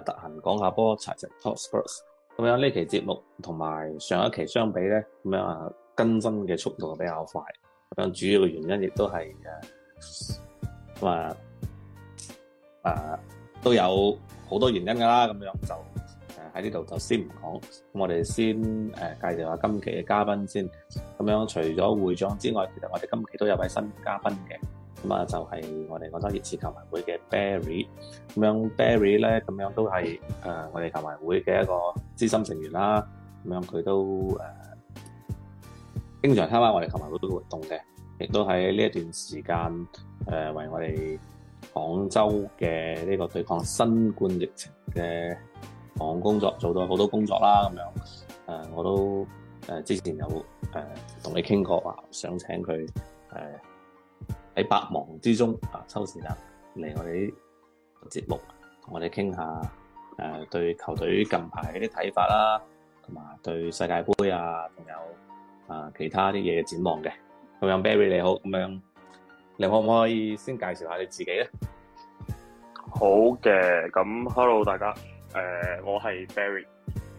得閒講下波，齊齊 Talk Spurs，咁樣呢期節目同埋上一期相比咧，咁樣啊更新嘅速度比較快。咁主要嘅原因亦都係誒，咁啊啊都有好多原因噶啦。咁樣就喺呢度就先唔講。咁我哋先誒、啊、介紹下今期嘅嘉賓先。咁樣除咗會長之外，其實我哋今期都有位新嘉賓嘅。咁啊、嗯，就係、是、我哋廣州熱刺球迷會嘅 Barry，咁樣 Barry 咧，咁樣都係誒、呃、我哋球迷會嘅一個資深成員啦。咁樣佢都誒、呃、經常參加我哋球迷會活動嘅，亦都喺呢一段時間誒、呃、為我哋廣州嘅呢個對抗新冠疫情嘅防控工作做到好多工作啦。咁樣誒、呃，我都誒、呃、之前有誒同、呃、你傾過話，想請佢喺百忙之中啊，抽時間嚟我哋節目，同我哋傾下誒、啊、對球隊近排啲睇法啦，同埋對世界盃啊，仲有啊其他啲嘢嘅展望嘅。咁樣 Barry 你好，咁樣你可唔可以先介紹下你自己咧？好嘅，咁 Hello 大家，誒、呃、我係 Barry，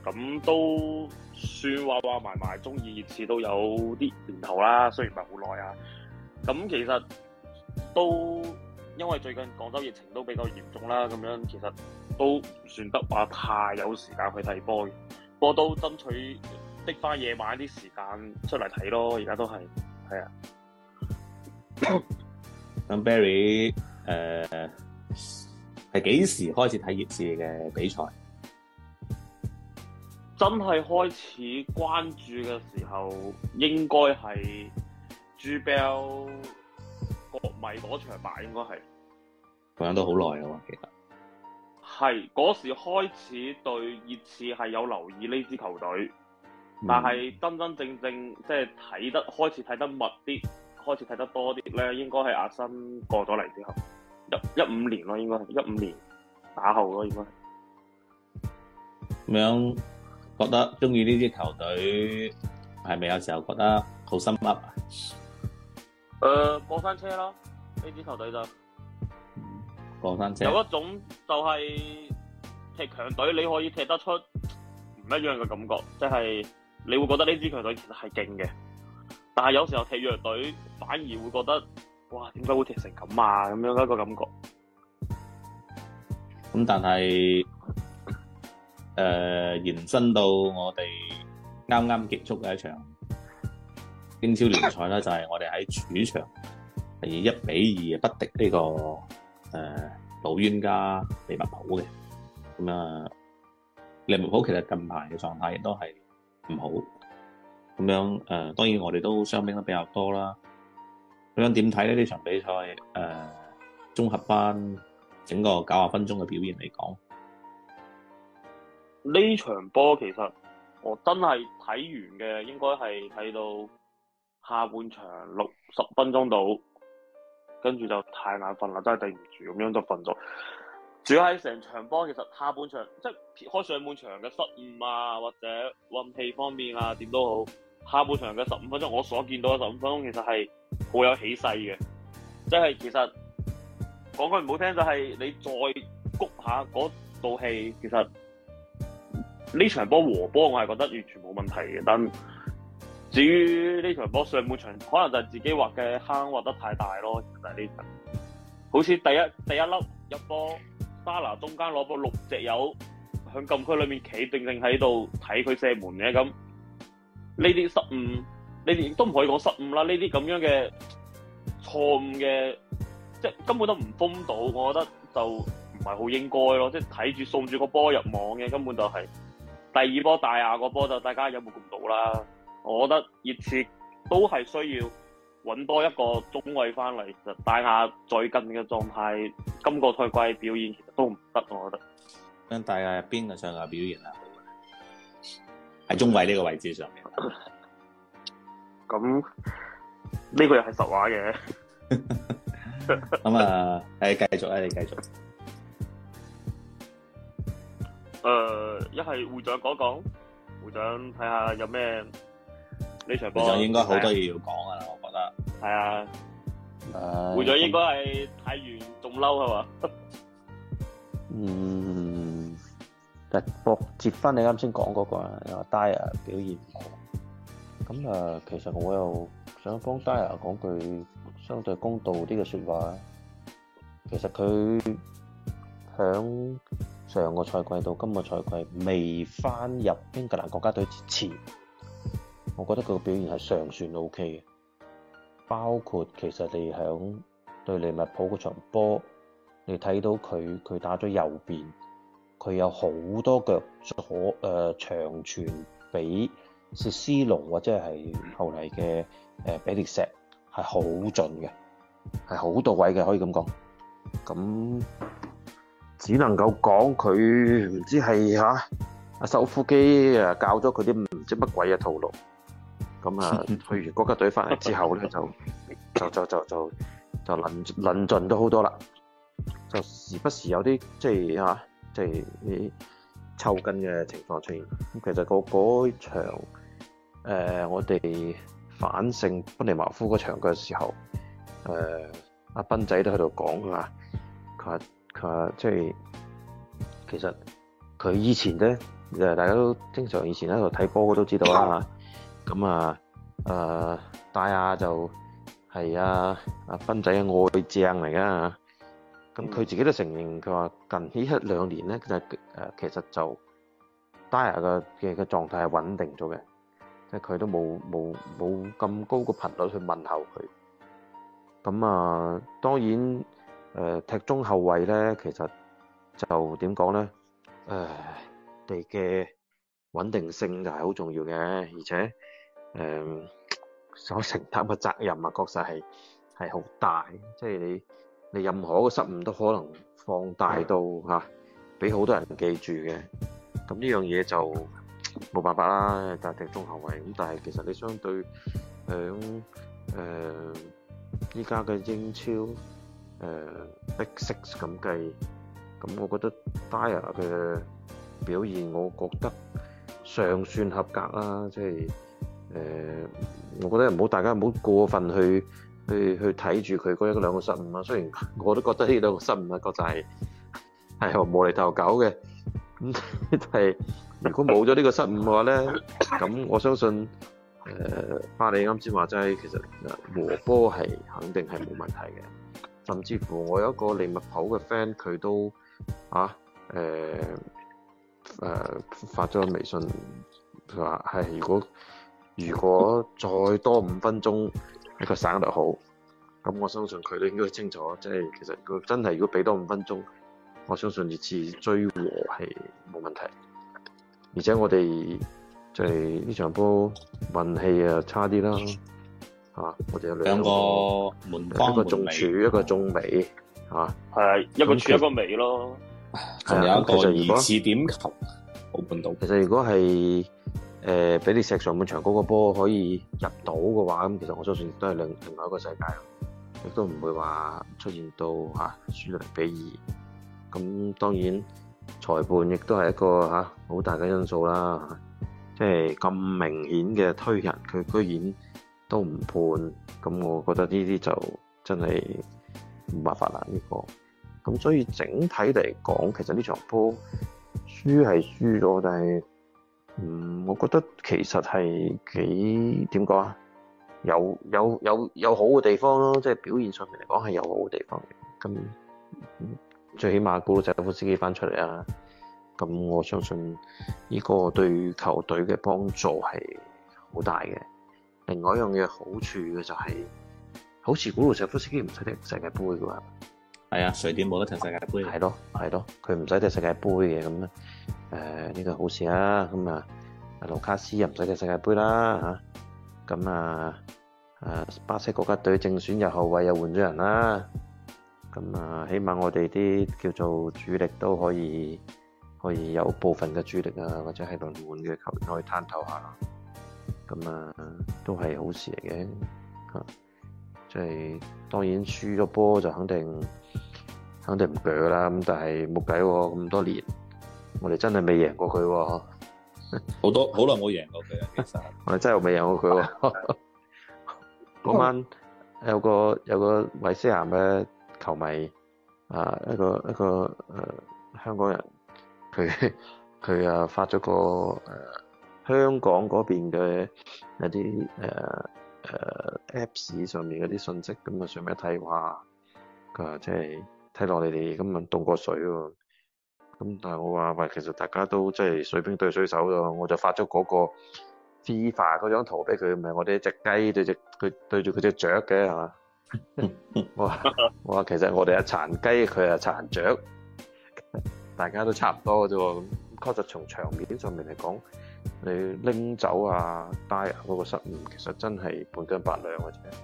咁都算話話埋埋，中意熱刺都有啲年頭啦，雖然唔係好耐啊。咁其實～都因為最近廣州疫情都比較嚴重啦，咁樣其實都唔算得話太有時間去睇波嘅，不過都爭取的翻夜晚啲時間出嚟睇咯。而家都係係啊。咁、 嗯、Barry，誒係幾時開始睇熱刺嘅比賽？真係開始關注嘅時候，應該係 G b e l 國米嗰場吧，應該係咁樣都好耐啦，其實、啊。係嗰時開始對熱刺係有留意呢支球隊，嗯、但係真真正正即係睇得開始睇得密啲，開始睇得，得多啲咧，應該係阿森過咗嚟之後，一一五年咯，年應該係一五年打後咯，應該係咁樣。覺得中意呢支球隊係咪有時候覺得好心噏？誒、呃，過山車咯，呢支球隊就過山車。有一種就係踢強隊，你可以踢得出唔一樣嘅感覺，即、就、係、是、你會覺得呢支強隊其實係勁嘅。但係有時候踢弱隊，反而會覺得，哇，點解會踢成咁啊？咁樣嘅一個感覺。咁、嗯、但係誒、呃，延伸到我哋啱啱結束嘅一場。英超聯賽咧，就係我哋喺主場係以一比二不敵呢個誒老冤家利物浦嘅。咁啊，利物浦其實近排嘅狀態亦都係唔好，咁樣誒，當然我哋都相比得傷兵都比較多啦。咁樣點睇咧呢場比賽誒、呃？綜合返整個九十分鐘嘅表現嚟講，呢場波其實我真係睇完嘅，應該係睇到。下半場六十分鐘到，跟住就太眼瞓啦，真係頂唔住，咁樣就瞓咗。主要喺成場波，其實下半場即係撇開上半場嘅失誤啊，或者運氣方面啊，點都好，下半場嘅十五分鐘，我所見到嘅十五分鐘其實係好有起勢嘅，即係其實講句唔好聽，就係你再谷下嗰道氣，其實呢場波和波，我係覺得完全冇問題嘅，但。至於呢場波上半場，可能就係自己畫嘅坑畫得太大咯。就係呢場，好似第一第一粒入波，沙拿中間攞個六隻友，向禁區裏面企定定喺度睇佢射門嘅咁。呢啲失誤，你哋都唔可以講失誤啦。呢啲咁樣嘅錯誤嘅，即係根本都唔封到，我覺得就唔係好應該咯。即係睇住送住個波入網嘅，根本就係、是、第二波戴亞個波就大家有冇見到啦。我覺得熱刺都係需要揾多一個中衛翻嚟。其實戴亞最近嘅狀態，今個賽季表現其實都唔得，我覺得。咁戴亞邊個上下表現係好喺中衛呢個位置上面。咁呢、 這個又係實話嘅。咁 啊、 嗯，誒，繼續啊，你繼續。誒、呃，一係會長講講，會長睇下有咩？呢場波，換應該好多嘢要講啊！我覺得，係啊，回咗、哎、應該係睇完仲嬲係嘛？嗯，但博接翻你啱先講嗰個，阿戴表現唔好。咁啊，其實我又想幫戴 a 講句相對公道啲嘅説話。其實佢響上個賽季到今個賽季未翻入英格蘭國家隊之前，我覺得佢嘅表現係尚算 O K 嘅，包括其實你響對利物浦嗰場波，你睇到佢佢打咗右邊，佢有好多腳左誒長傳俾薛斯龍或者係後嚟嘅誒比利石係好準嘅，係好到位嘅，可以咁講。咁只能夠講佢唔知係嚇阿首富基誒教咗佢啲唔知乜鬼嘅套路。咁啊，去完國家隊翻嚟之後咧，就就就就就就論論盡咗好多啦，就時不時有啲即係啊，即係啲抽筋嘅情況出現。咁其實個個場、呃、我哋反勝班尼茅夫嗰場嘅時候，誒、呃、阿斌仔都喺度講啊，佢話佢話即係其實佢以前咧誒，大家都經常以前喺度睇波都知道啦嚇。啊。咁啊，誒戴亞就係啊阿斌仔嘅愛將嚟㗎嚇，咁佢自己都承認，佢話近期一兩年咧，其實誒其實就戴亞嘅嘅狀態係穩定咗嘅，即係佢都冇冇冇咁高個頻率去問候佢。咁啊，當然誒踢中後衞咧，其實就點講咧？誒，哋嘅穩定性就係好重要嘅，而且。誒、嗯，所承擔嘅責任啊，確實係係好大，即係你你任何嘅失誤都可能放大到吓，俾、啊、好多人記住嘅。咁呢樣嘢就冇辦法啦，但係踢中後衛咁，但係其實你相對響誒依家嘅英超誒 Big Six 咁計，咁、呃、我覺得戴亞嘅表現，我覺得尚算合格啦，即係。誒、呃，我覺得唔好，大家唔好過分去去去睇住佢嗰一兩個失誤啊。雖然我都覺得呢兩個失誤啊、就是，確實係無厘頭搞嘅咁。係如果冇咗呢個失誤嘅話咧，咁我相信誒，Barry 啱先話齋其實和波係肯定係冇問題嘅。甚至乎我有一個利物浦嘅 friend，佢都啊誒誒、呃呃、發咗個微信，佢話係如果。如果再多五分鐘，呢個省得好，咁我相信佢都應該清楚。即係其實如果真，如果真係如果俾多五分鐘，我相信熱刺追和係冇問題。而且我哋就係呢場波運氣、嗯、啊，差啲啦。嚇！我哋有兩個，個門，門，一個中柱，嗯、一個中尾，嚇、啊。係一個柱一個尾咯。仲、啊、有一個、啊、疑似點球，冇判到。其實如果係誒，俾你、呃、石上半場嗰個波可以入到嘅話，咁其實我相信亦都係另另外一個世界，亦都唔會話出現到輸、啊、輸零比二。咁當然裁判亦都係一個嚇好、啊、大嘅因素啦，即係咁明顯嘅推人，佢居然都唔判。咁我覺得呢啲就真係冇辦法啦，呢、呢個。咁所以整體嚟講，其實呢場波輸係輸咗，但係。嗯，我覺得其實係幾點講啊？有有有有好嘅地方咯，即係表現上面嚟講係有好嘅地方。咁最起碼古魯什夫斯基翻出嚟啊！咁我相信呢個對球隊嘅幫助係好大嘅。另外一樣嘢好處嘅就係、是，好似古魯什夫斯基唔使踢世界杯噶，係啊，瑞典冇得踢世界杯，係咯係咯，佢唔使踢世界杯嘅咁。誒，呢個好事啊！咁啊，盧卡斯又唔使踢世界杯啦吓，咁啊，誒，巴西國家隊正選又後衛又換咗人啦，咁啊，起碼我哋啲叫做主力都可以，可以有部分嘅主力啊，或者係輪換嘅球員可以探討下咁啊，都係好事嚟嘅吓，即係當然輸咗波就肯定，肯定唔鋸啦，咁但係冇計喎，咁多年。我哋真係未贏過佢喎、哦， 好多好耐冇贏過佢其實 我哋真係未贏過佢、哦。嗰 晚有個有個韋斯咸嘅球迷啊，一個一個誒、呃、香港人，佢佢啊發咗個誒、呃、香港嗰邊嘅一啲誒、呃啊、Apps 上面嗰啲信息，咁啊上面一睇，哇、就是！佢話即係睇落你哋咁樣凍過水喎。咁但係我話喂，其實大家都即係水兵對水手咯。我就發咗嗰個 FIFA 嗰張圖俾佢，咪我哋一隻雞對隻佢對住佢隻雀嘅係嘛？我話我話其實我哋係殘雞，佢係殘雀，大家都差唔多嘅啫。咁確實從場面上面嚟講，你拎走啊戴亞嗰個失誤，其實真係半斤八兩嘅啫。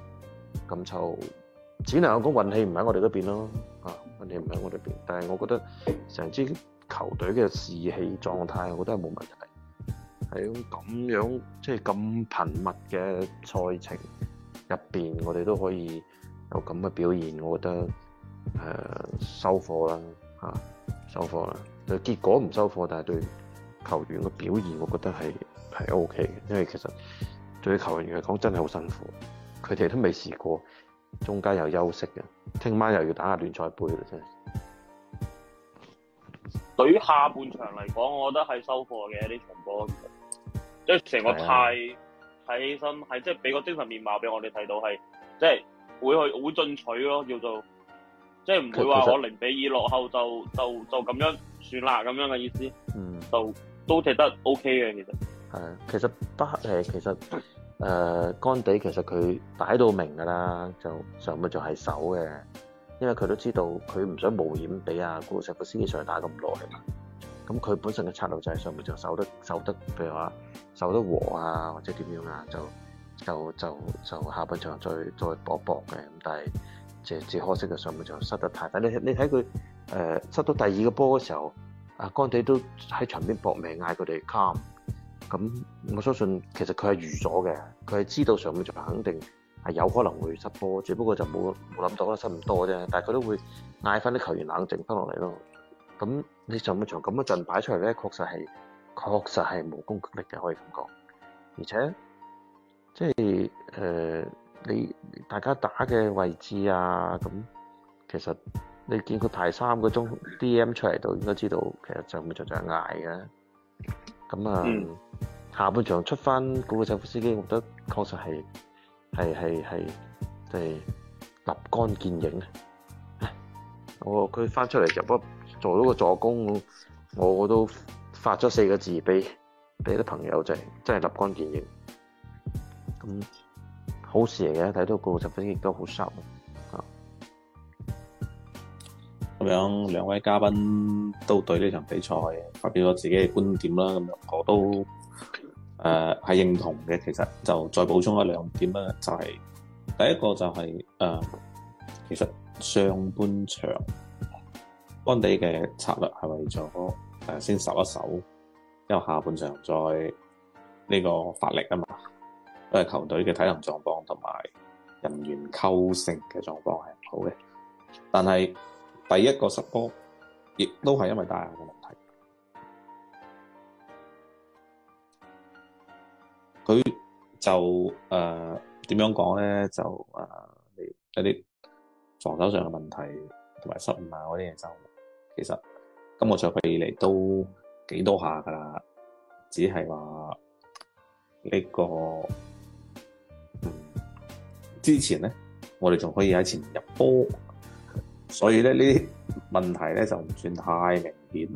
咁就～只能我講運氣唔喺我哋嗰邊咯，啊，運氣唔喺我哋邊。但係我覺得成支球隊嘅士氣狀態，我覺得冇問題。喺咁樣即係咁頻密嘅賽程入邊，我哋都可以有咁嘅表現，我覺得誒、呃、收貨啦，嚇、啊、收貨啦。對結果唔收貨，但係對球員嘅表現，我覺得係係 OK 嘅，因為其實對球員嚟講真係好辛苦，佢哋都未試過。中間又休息嘅，聽晚又要打下聯賽杯啦，真係。對於下半場嚟講，我覺得係收貨嘅呢場波，即係成個太睇起身係即係俾個精神面貌俾我哋睇到係，即係會去好進取咯，叫做即係唔會話我零比二落後就就就咁樣算啦咁樣嘅意思，嗯、就都踢得 OK 嘅其實。係啊，其實不，誒、呃、其實。呃其實誒、呃，乾地其實佢擺到明噶啦，就上半場係守嘅，因為佢都知道佢唔想冒險俾阿古石個司機上去打咁耐嘛。咁佢本身嘅策略就係上半場守得守得譬如話守得和啊，或者點樣啊，就就就就，就下半場再再搏搏嘅。咁但係即係只可惜嘅上半場失得太快。你你睇佢誒失到第二個波嘅時候，阿乾地都喺場邊搏命嗌佢哋 come。咁我相信，其實佢係預咗嘅，佢係知道上半場肯定係有可能會失波，只不過就冇冇諗到啦，失咁多啫。但係佢都會嗌翻啲球員冷靜翻落嚟咯。咁你上半場咁樣陣擺出嚟咧，確實係確實係無攻擊力嘅，可以咁講。而且即係誒、呃，你大家打嘅位置啊，咁其實你見佢排三個鐘 D M 出嚟都，應該知道其實上半場就係捱嘅。咁啊，嗯、下半場出翻嗰個正副司機，我覺得確實係係係係，就係立竿見影嘅。我佢翻出嚟入咗做咗個助攻，我我都發咗四個字俾俾啲朋友，就係、係、真係立竿見影。咁好事嚟嘅，睇到個正副司機都好 sharp。咁樣兩位嘉賓都對呢場比賽發表咗自己嘅觀點啦。咁我都誒係、呃、認同嘅。其實就再補充一兩點啦，就係、是、第一個就係、是、誒、呃，其實上半場安地嘅策略係為咗誒、呃、先守一守，因為下半場再呢個發力啊嘛，都係球隊嘅體能狀況同埋人員構成嘅狀況係唔好嘅，但係，第一個失波，亦都係因為戴亞嘅問題。佢就誒點、呃、樣講呢？就誒一啲防守上嘅問題同埋失誤啊嗰啲嘢就其實今個賽季以嚟都幾多下㗎啦，只係話呢個之前呢，我哋仲可以喺前面入波。所以咧，呢啲問題咧就唔算太明顯，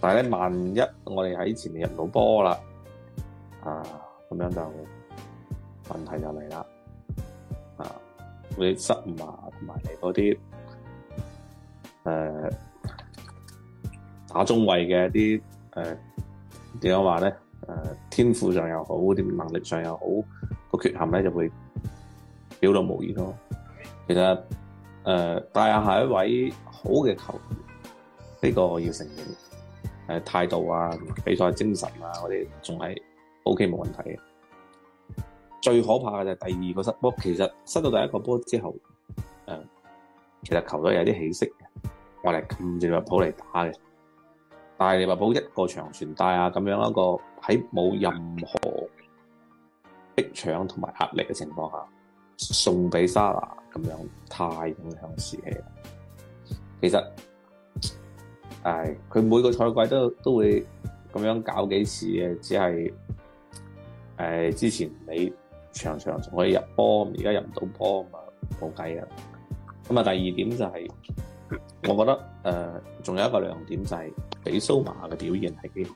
但係咧，萬一我哋喺前面入唔到波啦，啊，咁樣就問題就嚟啦，啊，嗰啲失誤啊，同埋嗰啲誒打中位嘅一啲誒點樣話咧，誒天賦上又好，啲能力上又好，個缺陷咧就會表露無遺咯，其實。誒、帶、呃、下一位好嘅球員，呢，這個我要承認。誒、呃，態度啊，比賽精神啊，我哋仲係 O K 冇問題嘅。最可怕嘅就係第二個失波，其實失到第一個波之後，誒、呃，其實球隊有啲起色嘅。我哋撳住利物浦嚟打嘅，但係利物浦一個長傳帶啊，咁樣一個喺冇任何逼搶同埋壓力嘅情況下。送俾沙拿咁樣太影響士氣啦。其實，誒、哎，佢每個賽季都都會咁樣搞幾次嘅，只係誒、哎、之前你場場仲可以入波，而家入唔到波咁啊，冇計啊。咁啊，第二點就係、是，我覺得誒，仲、呃、有一個亮點就係、是、比蘇馬嘅表現係幾好。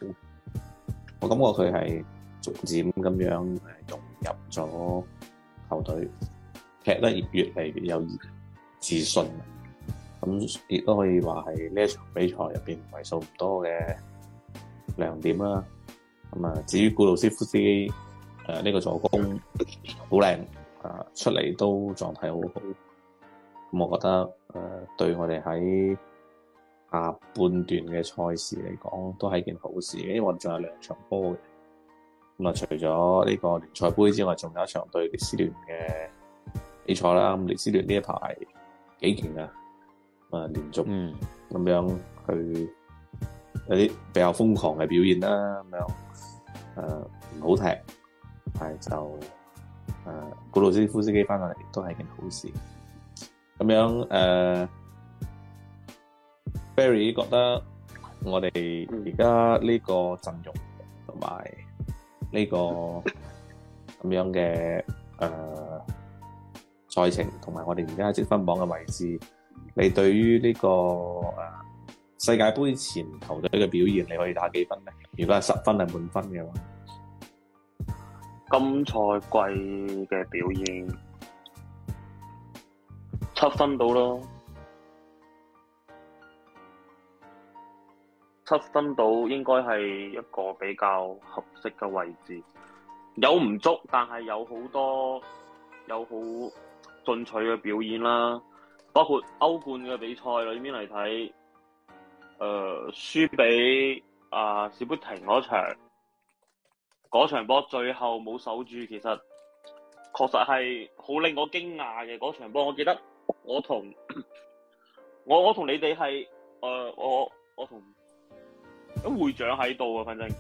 我感覺佢係逐漸咁樣誒融入咗球隊。踢得越嚟越，越有自信，咁亦都可以話係呢一場比賽入邊為數唔多嘅亮點啦。咁啊，至於古魯斯夫斯基呢、呃，這個助攻好靚啊，出嚟都狀態好好。咁我覺得誒、呃、對我哋喺下半段嘅賽事嚟講都係件好事，因為我哋仲有兩場波嘅。咁啊，除咗呢個聯賽杯之外，仲有一場對列斯聯嘅。你錯啦！咁列斯聯呢一排幾勁啊！連續咁、嗯、樣去有啲比較瘋狂嘅表現啦，咁樣唔、呃、好踢，但係就、呃、古魯斯夫斯基翻上嚟都係件好事。咁、嗯、樣誒、呃、，Barry 覺得我哋而家呢個陣容同埋呢個咁樣嘅誒。呃賽程同埋我哋而家嘅積分榜嘅位置，你對於呢個誒世界盃前球隊嘅表現，你可以打幾分呢？如果係十分係滿分嘅話，今賽季嘅表現七分到咯，七分到應該係一個比較合適嘅位置，有唔足，但係有好多有好，進取嘅表演啦，包括歐冠嘅比賽裏面嚟睇，誒、呃、輸俾士砵亭嗰場，嗰場波最後冇守住，其實確實係好令我驚訝嘅嗰場波。我記得我同我我同你哋係誒我我同一會長喺度啊，反正誒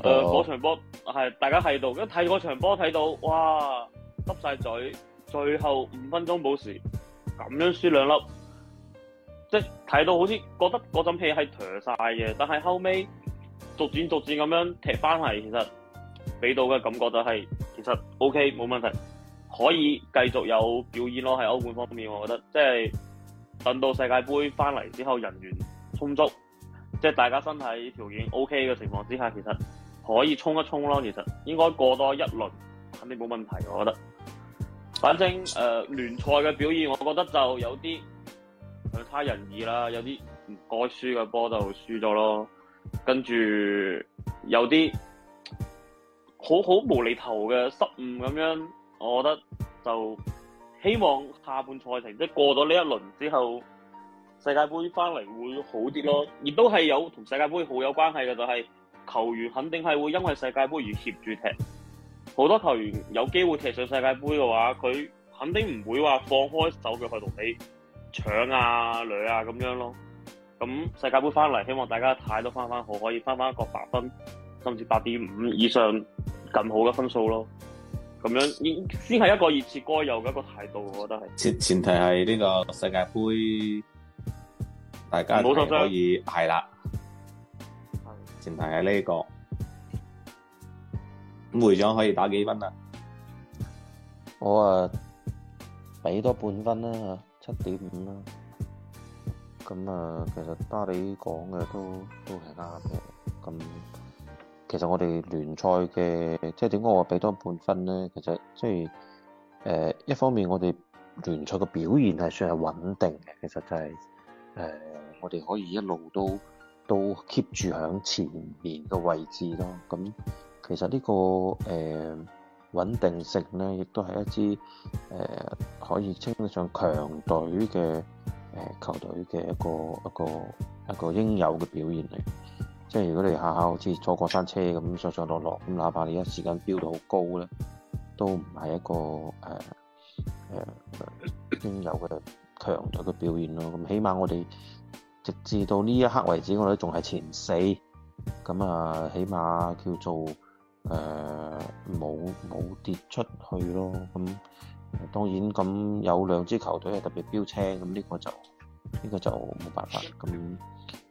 嗰到、呃、場波係大家喺度，一睇嗰場波睇到哇，濕晒嘴。最後五分鐘補時咁樣輸兩粒，即係睇到好似覺得嗰陣氣係頹晒嘅。但係後尾逐漸逐漸咁樣踢翻嚟，其實俾到嘅感覺就係、是、其實 O K 冇問題，可以繼續有表演咯。喺歐冠方面，我覺得即係等到世界盃翻嚟之後，人員充足，即係大家身體條件 O K 嘅情況之下，其實可以衝一衝咯。其實應該過多一輪肯定冇問題，我覺得。反正誒、呃、聯賽嘅表現，我覺得就有啲太仁義啦，有啲唔該輸嘅波就輸咗咯。跟住有啲好好無厘頭嘅失誤咁樣，我覺得就希望下半賽程即係過咗呢一輪之後，世界盃翻嚟會好啲咯。亦都係有同世界盃好有關係嘅，就係、是、球員肯定係會因為世界盃而協住踢。好多球員有機會踢上世界盃嘅話，佢肯定唔會話放開手腳去同你搶啊掠啊咁樣咯。咁世界盃翻嚟，希望大家態度翻翻好，可以翻翻一個八分甚至八點五以上更好嘅分數咯。咁樣先係一個熱刺該有嘅一個態度，我覺得係。前前提係呢個世界盃，大家係所以係啦。前提係呢個。會長可以打幾分啊？我啊，俾多半分啦，七點五啦。咁啊，其實巴里講嘅都都係啱嘅。咁其實我哋聯賽嘅，即係點解我俾多半分咧？其實即係誒，一方面我哋聯賽嘅表現係算係穩定嘅，其實就係、是、誒、呃，我哋可以一路都都 keep 住響前面嘅位置咯。咁其實呢個誒穩定性咧，亦都係一支誒可以稱得上強隊嘅誒球隊嘅一個一個一個應有嘅表現嚟。即係如果你下下好似坐過山車咁上上落落，咁哪怕你一時間飆到好高咧，都唔係一個誒誒應有嘅強隊嘅表現咯。咁起碼我哋直至到呢一刻為止，我哋都仲係前四，咁啊起碼叫做。誒，冇冇、呃、跌出去咯，咁當然咁有兩支球隊係特別標青，咁呢個就呢、呢個就冇辦法，咁誒，畢、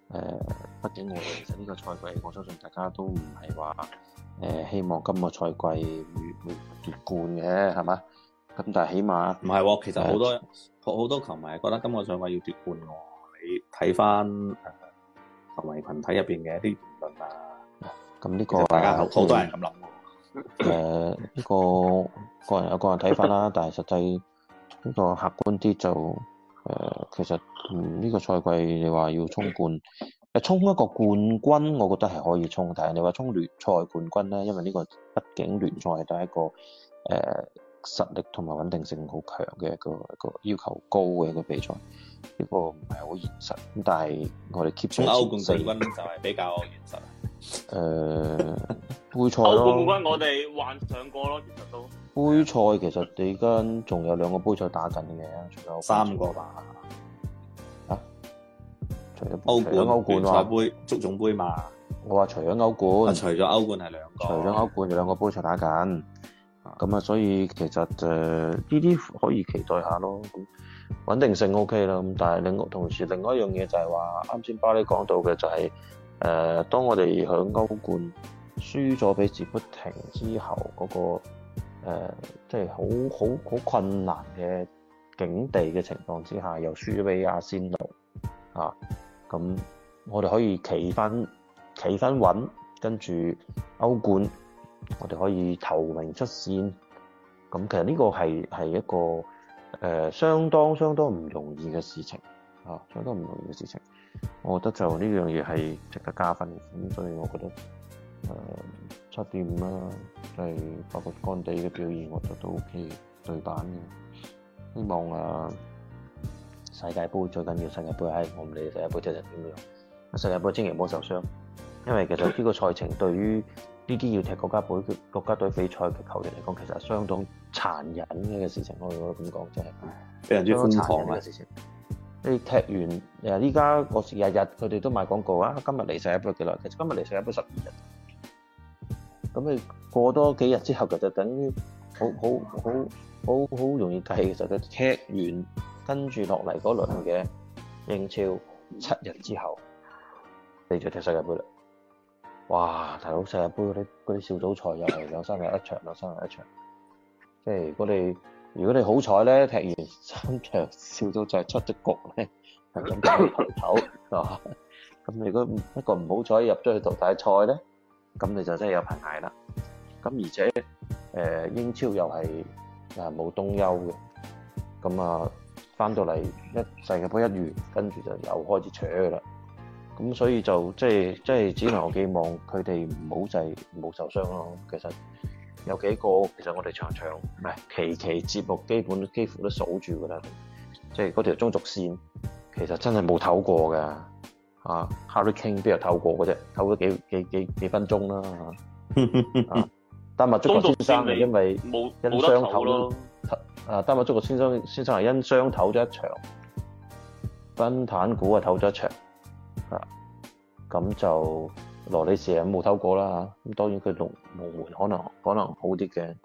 呃、竟我哋其實呢個賽季，我相信大家都唔係話誒希望今個賽季會會奪冠嘅，係嘛？咁但係起碼唔係，其實好多好、呃、多球迷覺得今個賽季要奪冠喎，你睇翻、呃、球迷群體入邊嘅一啲。咁呢、呢個好、都係、多人咁諗喎。呢、呃呢個個人有個人睇法啦，但係實際呢、呢個客觀啲就、呃、其實呢、嗯呢個賽季你話要衝冠，誒衝一個冠軍，我覺得係可以衝，但係你話衝聯賽冠軍呢？因為呢個畢竟聯賽係第一個、呃、實力同埋穩定性好強嘅一,一個要求高嘅一個比賽，呢、呢個唔係好現實。但係我哋 keep 住歐冠冠軍就係比較現實。 誒、呃，杯賽冠軍我哋幻想過咯，其實都。杯賽其實而家仲有兩個杯賽打緊嘅，除咗三個吧。吓、啊？除咗杯賽，歐冠啊？杯足總杯嘛？我話除咗歐冠。除咗歐冠係兩個。除咗歐冠就兩個杯賽打緊，咁啊，所以其實就呢啲可以期待一下咯。咁穩定性 OK 啦，咁但係另同時另外一樣嘢就係話啱先巴里講到嘅就係、是。誒，當我哋喺歐冠輸咗俾士砵亭之後，嗰、那個即係好好好困難嘅境地嘅情況之下，又輸咗俾阿仙奴啊，咁我哋可以企翻企翻穩，跟住歐冠，我哋可以頭名出線。咁其實呢個係係一個誒、呃，相當相當唔容易嘅事情啊，相當唔容易嘅事情。我覺得就呢樣嘢係值得加分嘅。咁所以我覺得誒七點五啦，就係、是、包括干地嘅表現，我覺得都 ok，對版嘅希望誒、啊、世界杯最緊要世界杯，我唔理世界杯踢成點樣，世界杯千祈唔好受傷，因為其實呢個賽程對於呢啲要踢國家隊、國家隊比賽嘅球員嚟講，其實相當殘忍嘅事情，我哋覺得咁講，就係。非常之瘋狂啊！你踢完誒，依家個日日佢哋都賣廣告啊！今日嚟世盃幾耐？其實今日嚟世盃十二日，咁你過多幾日之後，其實等於好好好好好容易計嘅，就踢完跟住落嚟嗰輪嘅英超七日之後你再踢世界杯啦！哇！大佬世界盃嗰啲嗰啲小組賽又係兩三日一場， 兩三日一場，即係如果你。 如果你好彩咧，踢完三場笑到就出咗局咧，係咁多朋友，咁如果一個唔好彩入咗去淘汰賽咧，咁你就真係有排捱啦。咁而且、呃、英超又係冇冬休嘅，咁啊翻到嚟一世界盃一月，跟住就又開始扯啦。咁所以就即係即只能我寄望佢哋唔好就係冇受傷咯。其實有幾個，其實我哋場場，唔係期期節目基本幾乎都數住㗎啦，即係嗰條中軸線其實真係冇唞過嘅，啊夏力傾邊有唞過嘅啫？唞咗幾幾幾幾分鐘啦嚇。丹、啊、麥竹國先生係因為冇因傷唞咯，啊，丹麥竹國先生先生係因傷唞咗一場，賓坦古啊唞咗一場，啊咁就。羅利成冇偷過啦嚇，咁當然佢龍龍門可能可能好啲嘅，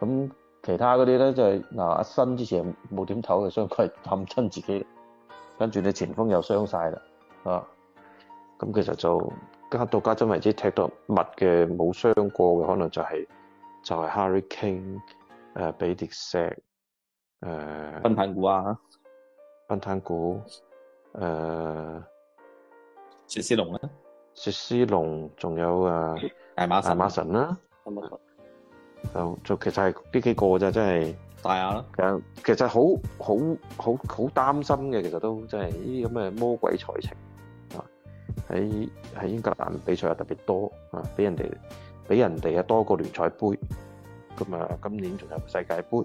咁其他嗰啲咧就係嗱阿新之前冇點唞嘅，佢係氹親自己，跟住你前鋒又傷晒啦，啊，咁其實就加到家陣為止踢到密嘅冇傷過嘅，可能就係、是、就係 Harry Kane 誒，俾啲石誒，賓坦古啊，賓坦古誒，薛、呃、斯隆咧。薛斯隆，仲有誒、啊、馬馬神啦、啊啊啊，就就其實係呢幾個真呢就真係戴亞啦。其實好好好好擔心嘅，其實都真係呢啲咁嘅魔鬼賽程。啊！喺喺英格蘭比賽又特別多啊，比人哋比人哋啊多個聯賽杯咁啊，今年仲有世界盃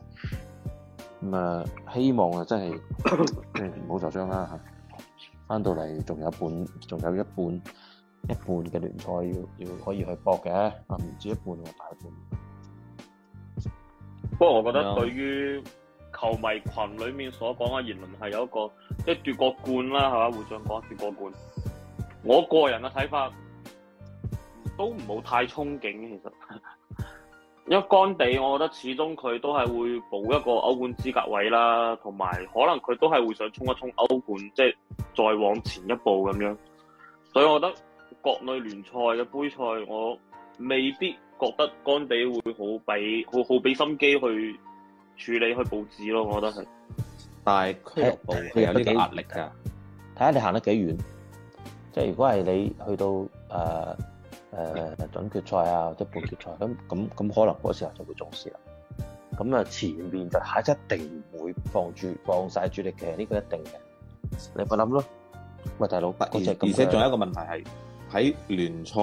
咁啊，希望啊真係唔好受傷啦嚇。翻到嚟仲有半，仲有一半。還有一半一半嘅聯賽要要可以去搏嘅，啊唔止一半喎，大一半。不過，我覺得對於球迷群裏面所講嘅言論係有一個，即係奪過冠啦，係嘛？會想講奪過冠。我個人嘅睇法都唔好太憧憬，其實， 因為乾地，我覺得始終佢都係會保一個歐冠資格位啦，同埋可能佢都係會想衝一衝歐冠，即係再往前一步咁樣。所以我覺得。國內聯賽嘅杯賽，我未必覺得乾地會好俾好好俾心機去處理去布置咯，我覺得係。但係俱樂部佢有啲壓力噶，睇下實你行得幾遠。即係、嗯、如果係你去到誒誒準決賽啊，或者半決賽咁咁咁可能嗰時候就會重視啦。咁啊，前面就下一,一定唔會放住放晒主力嘅，呢個一定嘅。你咪諗咯。喂，大佬，而，而且而且仲有一個問題係。喺聯賽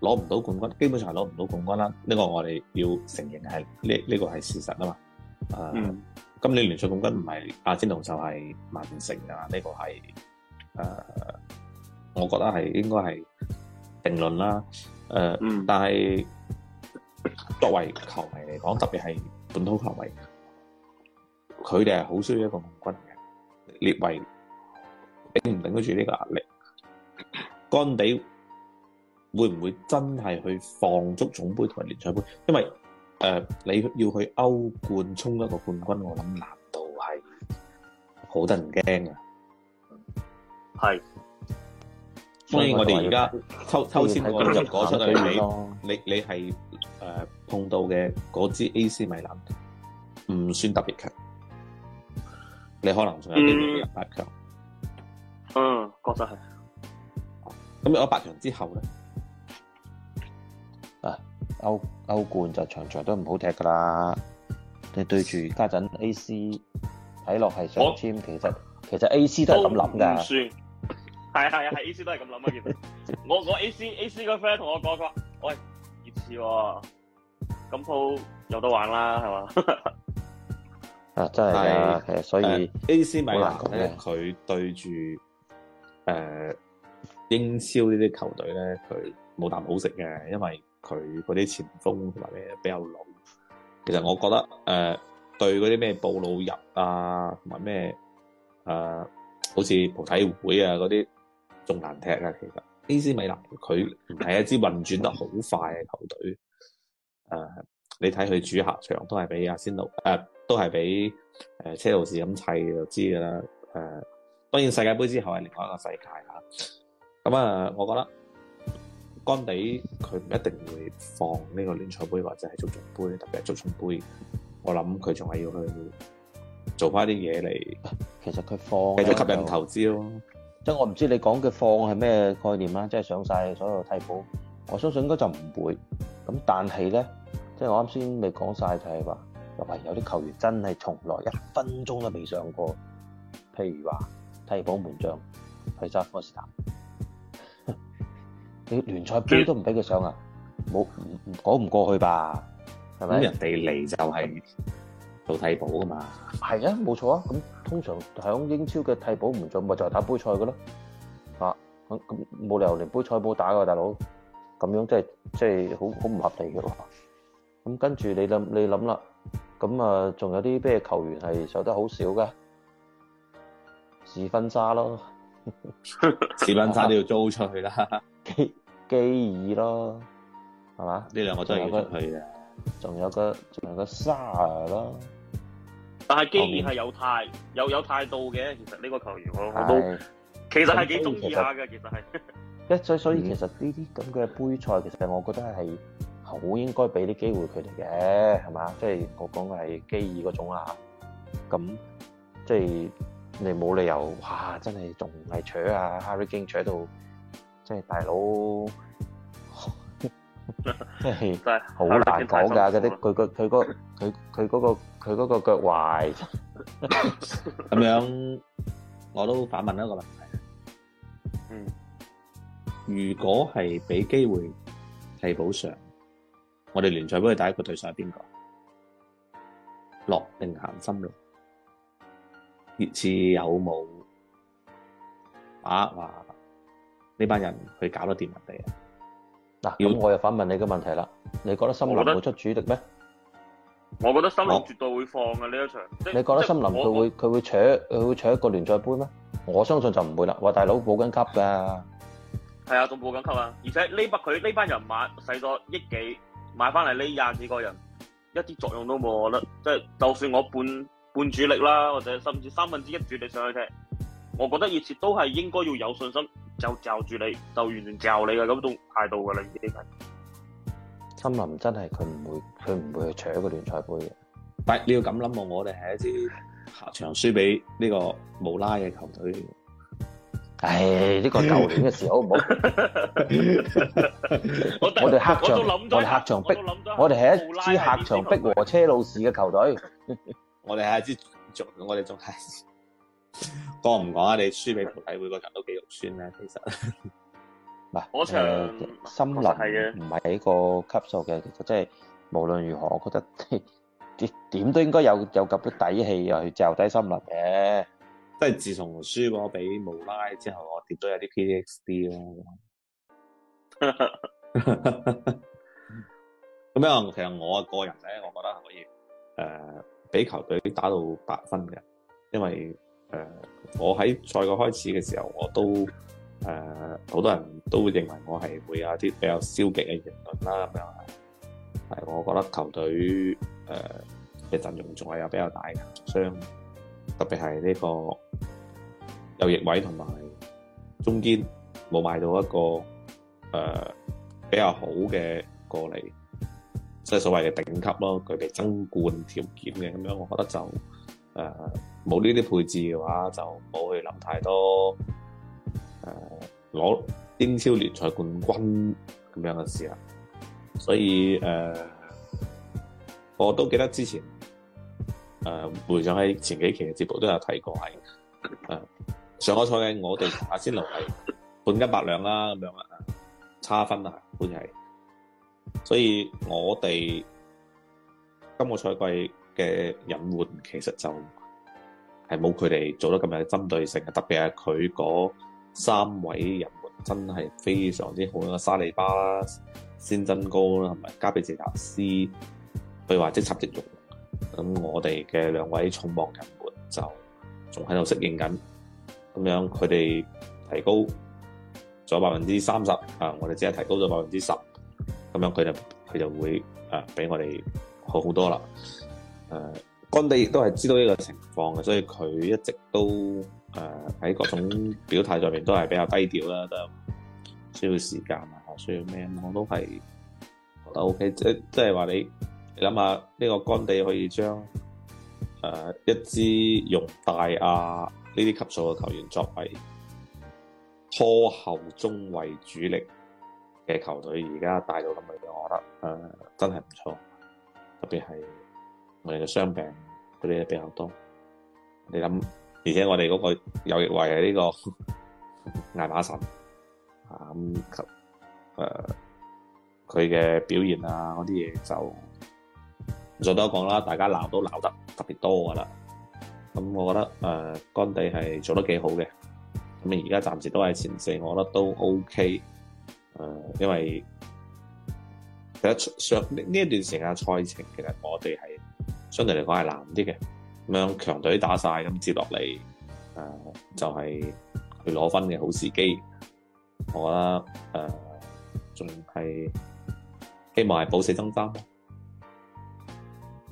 攞唔到冠軍，基本上係攞唔到冠軍啦。呢個我哋要承認係呢，呢個係事實啊嘛。誒，今年聯賽冠軍唔係阿仙奴就係曼城啊。呢個係誒，我覺得係應該係定論啦。誒，但係作為球迷嚟講，特別係本土球迷，佢哋係好需要一個冠軍嘅列位，頂唔頂得住呢個壓力？干地。會唔會真係去放足總杯同埋聯賽杯？因為誒、呃，你要去歐冠衝一個冠軍，我諗難度係好得人驚噶。係是，所以我哋而家抽抽籤嗰度就出去。你你你係誒碰到嘅嗰支 A.C. 米蘭唔算特別強，你可能仲有啲入八強。嗯，確實係。咁入咗八強之後咧？歐歐冠就場場都唔好踢噶啦，是你對住家陣 A C 睇落係上籤，其實其實 A C 都係咁諗噶。我唔算，係係係 A C 都係咁諗啊！ 其實我我 A C A C 個 friend 同我講過，喂熱刺喎，咁、啊、鋪有得玩啦，係嘛？ 啊，真係係啊，是所以 A C 咪難講嘅。佢、uh, 對住誒英超呢啲球隊咧，佢冇啖好食嘅，因為，佢嗰啲前鋒同埋咩比較老，其實我覺得誒、呃、對嗰啲咩布魯日啊同埋咩誒，好似葡體會啊嗰啲仲難踢啊。其實 AC 米蘭佢唔係一支運轉得好快嘅球隊，誒、呃、你睇佢主客場都係比阿仙奴誒、呃，都係比誒車路士咁砌就知噶啦。誒、呃、當然世界盃之後係另外一個世界嚇，咁啊，我覺得。干地佢唔一定會放呢個聯賽杯或者係足總杯，特別係足總杯。我諗佢仲係要去做翻啲嘢嚟。其實佢放繼續吸引投資咯。即係我唔知你講嘅放係咩概念啦。即係上晒所有替補。我相信應該就唔會。咁但係咧，即係我啱先未講晒，就係話，唔係有啲球員真係從來一分鐘都未上過。譬如話替補門將費沙科士坦。你聯賽杯都唔俾佢上啊？冇，講唔過去吧，係咪？咁人哋嚟就係做替補噶嘛？係啊，冇錯啊。咁通常響英超嘅替補唔准，咪就係打杯賽噶咯。啊，咁咁冇理由連杯賽都打噶大佬，咁樣即係即係好好唔合理嘅。咁跟住你諗，你諗啦。咁啊，仲有啲咩球員係上得好少噶？試婚紗咯，試婚紗都要租出去啦。基基爾咯，係嘛？呢兩個真係要出去嘅。仲有個仲有個沙啦。但係基爾係有態又有，有態度嘅。其實呢個球員我都是其實係幾中意下嘅。其實係一實所以，所以嗯、其實呢啲咁嘅杯賽，其實我覺得係好應該俾啲機會佢哋嘅，係嘛？即係我講係基爾嗰種啊。咁即係你冇理由哇，真係仲係扯啊，Harry Kane 扯到。大佬，即係好難講噶，嗰啲佢個佢個佢佢嗰個佢嗰個腳踝，咁樣我都反問一個問題，嗯，如果係俾機會替補上，我哋聯賽俾佢第一個對手係邊個？諾定咸森林，熱刺有冇把握？呢班人佢搞得掂人哋啊！嗱要，咁我又反問你個問題啦，你覺得森林會出主力咩？我覺得森林絕對會放嘅呢、哦、一場。你覺得森林佢即會佢我會扯，佢會扯一個聯賽杯咩？我相信就唔會啦。話、嗯、大佬保緊級噶，係啊，仲保緊級啊！而且呢筆佢呢班人買使咗億幾買翻嚟呢廿幾個人，一啲作用都冇。我覺得即係，就算我半半主力啦，或者甚至三分之一主力上去踢，我覺得以前都係應該要有信心。就罩住你，就完全罩你嘅咁種態度噶啦，呢啲人。森林真係佢唔會，佢唔會去搶個聯賽杯嘅。但係你要咁諗喎，我哋係一支客場輸俾呢個無拉嘅球隊。唉，呢個舊年嘅時候，唔好。我哋客場，我哋客場逼，我哋係一支客場逼和車路士嘅球隊。我哋係一支，我哋仲係。講唔講啊？你輸俾團體，每個人都幾肉酸啦。其實嗱，係，我場森林係嘅，唔係一個級數嘅。其實即係無論如何，我覺得點點都應該有有咁嘅底氣去罩低森林嘅。 即係自從輸咗俾無拉之後，我跌咗有啲 P D X D 咯。咁樣，其實我個人咧，我覺得可以誒，俾、呃、球隊打到八分嘅，因為。誒，我喺賽季開始嘅時候，我都誒，好、呃、多人都會認為我係會有啲比較消極嘅言論啦。咁樣係，我覺得球隊誒嘅陣容仲係有比較大嘅傷，特別係呢個右翼位同埋中堅冇買到一個誒、呃、比較好嘅過嚟，即、就、係、是、所謂嘅頂級咯，佢哋爭冠條件嘅咁樣，我覺得就。誒，冇呢啲配置嘅話，就冇去諗太多誒，攞、呃、英超聯賽冠軍咁樣嘅事啦。所以誒、呃，我都記得之前誒，會長喺前幾期嘅節目都有提過係誒、啊，上個賽季我哋同阿仙奴係半斤八兩啦咁樣啊，差分啊，好似係。所以我哋今個賽季嘅引援其實就係冇佢哋做得咁有針對性啊。特別係佢嗰三位引援真係非常之好啦，沙利巴啦、先真高啦，同埋加比謝達斯，譬如話即插即用。咁我哋嘅兩位重磅引援就仲喺度適應緊咁樣，佢哋提高咗百分之三十啊。我哋只係提高咗百分之十，咁樣佢就佢就會啊，比我哋好好多啦。誒、呃，干地亦都係知道呢個情況嘅，所以佢一直都誒喺、呃、各種表態上面都係比較低調啦，都需要時間啊，需要咩？我都係覺得 OK，即即係話你你諗下呢個干地可以將誒、呃、一支用戴亞呢啲級數嘅球員作為拖後中衛主力嘅球隊，而家帶到咁嘅樣，我覺得誒、呃、真係唔錯，特別係。我哋嘅傷病嗰啲嘢比較多，你諗，而且我哋嗰個右翼衛係呢個呵呵艾馬臣啊，咁誒佢嘅表現啊嗰啲嘢就唔再多講啦，大家鬧都鬧得特別多噶啦。咁我覺得誒、呃、乾地係做得幾好嘅，咁而家暫時都係前四，我覺得都 OK。誒，因為其實上呢一段時間賽程，其實我哋係相對嚟講係難啲嘅，咁樣強隊打晒，咁接落嚟，誒、呃、就係去攞分嘅好時機。我覺得誒仲係希望係保四爭三。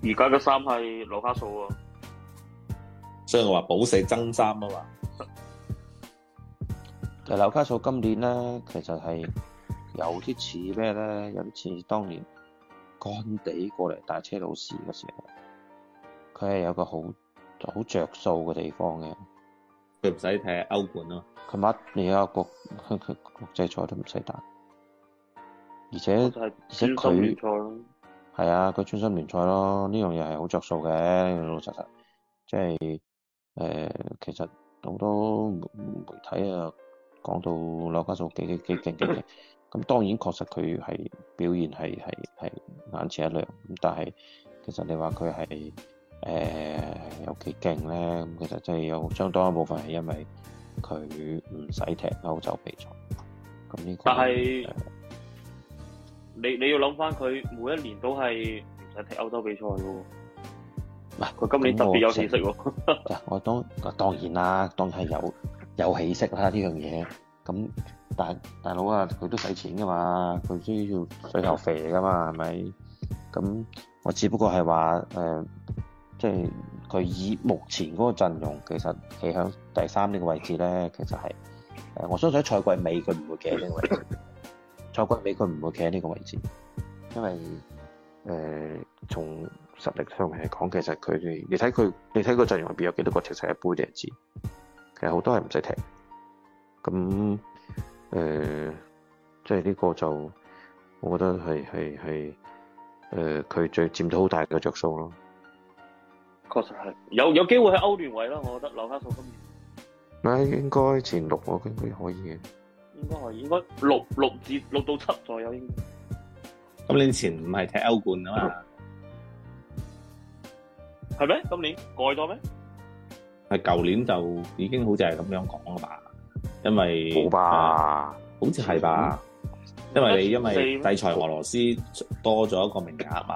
而家嘅三係紐卡素啊，所以我話保四爭三啊嘛。但係紐卡素今年咧，其實係。有啲似咩咧？有啲似當年干地過嚟帶車路士嘅時候，佢係有個好好着數嘅地方嘅。佢唔使踢歐冠咯，佢乜你有國國際賽都唔使打，而且而且佢係啊，佢專心聯賽咯。呢樣嘢係好着數嘅，老老實實，即係誒、呃，其實好、啊、多媒體啊講到紐卡素幾幾幾勁嘅。 咁當然確實佢係表現係係係眼前一亮，咁但係其實你話佢係誒有幾勁咧？咁其實真係有相當一部分係因為佢唔使踢歐洲比賽，咁呢、呢個但是、呃、你你要諗翻佢每一年都係唔使踢歐洲比賽嘅喎，嗱佢那今年特別有起色喎，我， 我當當然啦，當然係有有起色啦呢樣嘢。這件事咁大大佬啊，佢都使錢噶嘛，佢都要追求肥噶嘛，係咪？咁我只不過係話誒，即係佢以目前嗰個陣容，其實企喺第三呢個位置咧，其實係誒、呃，我相信喺賽季尾佢唔會企喺呢個位置，賽季 尾佢唔會企喺呢個位置，因為誒、呃、從實力上面嚟講，其實佢哋你睇佢，你睇個陣容入邊有幾多個踢世界杯定人字，其實好多係唔使踢。咁誒，即係呢個就，我覺得係係係誒，佢最佔到好大嘅着數咯。確實係有有機會喺歐聯位囉，我覺得劉家數今年，嗱應該前六我估計可以，應該係應該六六至六到七左右應該。今年前唔係踢歐冠啊嘛，係咩？今年改咗咩？係舊年就已經好似係咁樣講啦嘛。因為好吧，嗯、好似係吧，嗯、因為你因為制裁俄羅斯多咗一個名額嘛，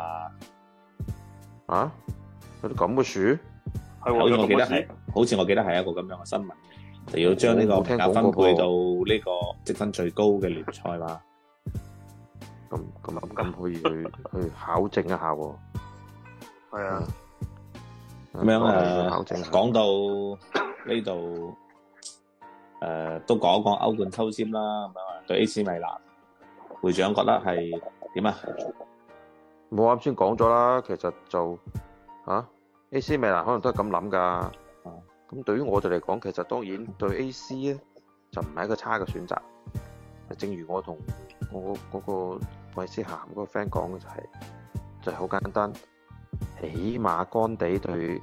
啊，有啲咁嘅樹，好似我記得係，這這好似我記得係一個咁樣嘅新聞，就要將呢個名額分配到呢個積分最高嘅聯賽啦，咁咁咁可以去 去考證一下喎，係啊，咁、嗯、樣誒，講、啊、到呢度。誒、呃，都講一講歐冠抽籤啦，咁樣對 A.C. 米蘭，會長覺得係點啊？我啱、呃、先講咗啦，其實就吓、啊、A.C. 米蘭可能都係咁諗噶。咁、啊、對於我哋嚟講，其實當然對 A.C. 咧就唔係一個差嘅選擇。正如我同我嗰個韋斯咸嗰個 friend 講嘅就係，就係、是、好、就是、簡單，起碼干地對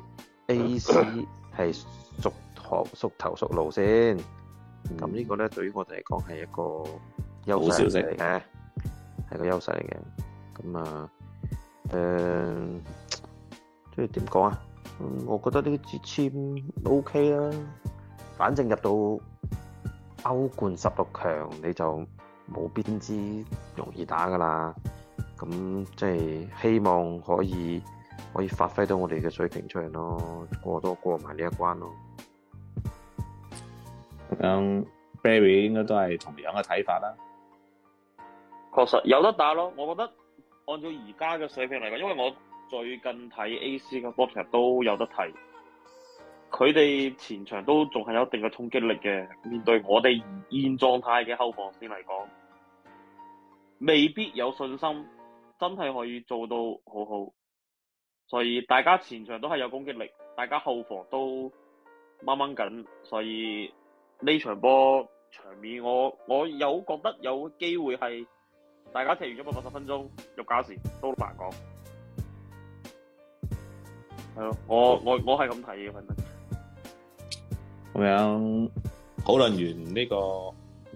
A.C. 係熟學熟頭熟路先。咁呢、嗯、個咧，對於我哋嚟講係一個優勢嚟嘅，係個優勢嚟嘅。咁啊、呃，誒，即係點講啊？我覺得呢支簽 O K 啦，反正入到歐冠十六強你就冇邊支容易打噶啦。咁即係希望可以可以發揮到我哋嘅水平出嚟咯，哦、過多過埋呢一關咯。嗯，Barry 應該都係同樣嘅睇法啦。確實有得打咯，我覺得按照而家嘅水平嚟講，因為我最近睇 AC 嘅波其實都有得睇，佢哋前場都仲係有一定嘅衝擊力嘅，面對我哋現狀態嘅後防線嚟講，未必有信心真係可以做到好好。所以大家前場都係有攻擊力，大家後防都掹掹緊，所以。呢場波場面我，我有我有覺得有機會係大家踢完咗百八十分鐘入加時都難講，係咯，我我我係咁睇嘅。咁樣討論完呢個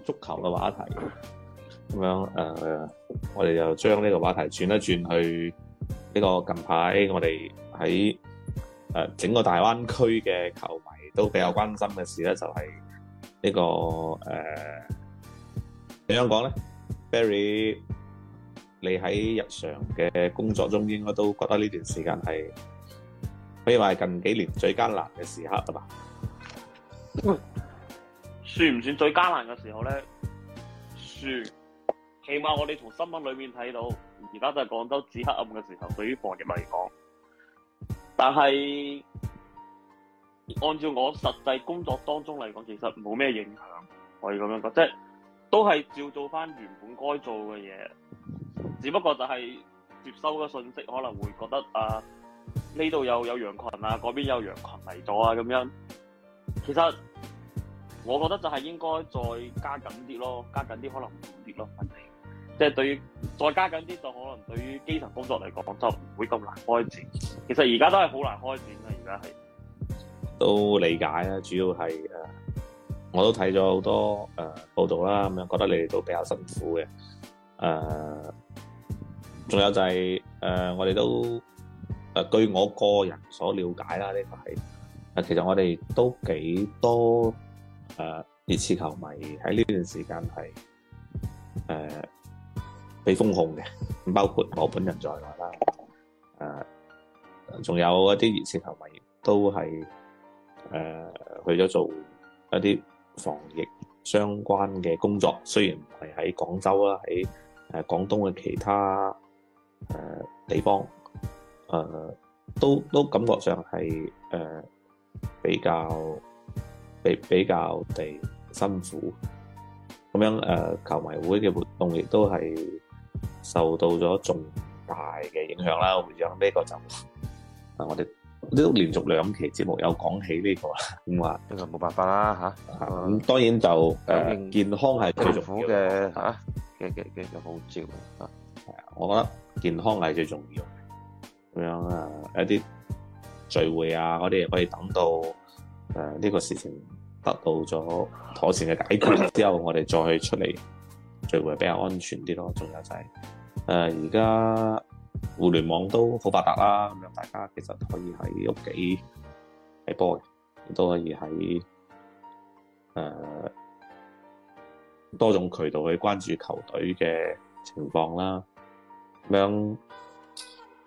足球嘅話題，咁 樣誒、呃，我哋就將呢個話題轉一轉去呢個近排我哋喺誒整個大灣區嘅球迷都比較關心嘅事咧，就係、是。這個呃、呢個誒點樣講咧，Barry 你喺日常嘅工作中應該都覺得呢段時間係可以話近幾年最艱難嘅時刻啊嘛，算唔算最艱難嘅時候咧？算，起碼我哋從新聞裏面睇到，而家就係廣州至黑暗嘅時候，對於防疫嚟講，但係，按照我實際工作當中嚟講，其實冇咩影響，可以咁樣講，即係都係照做翻原本該做嘅嘢，只不過就係接收嘅信息可能會覺得啊，呢度有有羊群啊，嗰邊有羊群嚟咗啊，咁樣。其實我覺得就係應該再加緊啲咯，加緊啲可能會好啲咯，反正即係對於再加緊啲就可能對於基層工作嚟講就唔會咁難開展。其實而家都係好難開展啊，而家係。都理解啦，主要係我都睇咗好多誒、呃、報道啦，咁樣覺得你哋都比較辛苦嘅。仲、呃、有就係、係呃、我哋都誒，呃、據我個人所了解啦，呢個係其實我哋都幾多誒、呃、熱刺球迷喺呢段時間係誒、呃、被封控嘅，包括我本人在內啦。仲、呃、有一啲熱刺球迷都係。誒、呃、去咗做一啲防疫相關嘅工作，雖然唔係喺廣州啦，喺誒廣東嘅其他誒、呃、地方，誒、呃、都都感覺上係誒、呃、比較比比較地辛苦。咁樣誒、呃、球迷會嘅活動亦都係受到咗重大嘅影響啦。會長呢個就啊，我哋。我都連續兩期節目有講起呢個啦，咁話，咁就冇辦法啦吓，咁當然就誒健康係最緊要嘅吓，嘅嘅嘅保障。係啊，我覺得健康係最重要嘅。咁樣啊，一啲聚會啊嗰啲，可以等到誒呢個事情得到咗妥善嘅解決之後，我哋再去出嚟聚會比較安全啲咯。仲有就係誒而家。互聯網都好發達啦，咁樣大家其實可以喺屋企睇波嘅，都可以喺誒、呃、多種渠道去關注球隊嘅情況啦。咁樣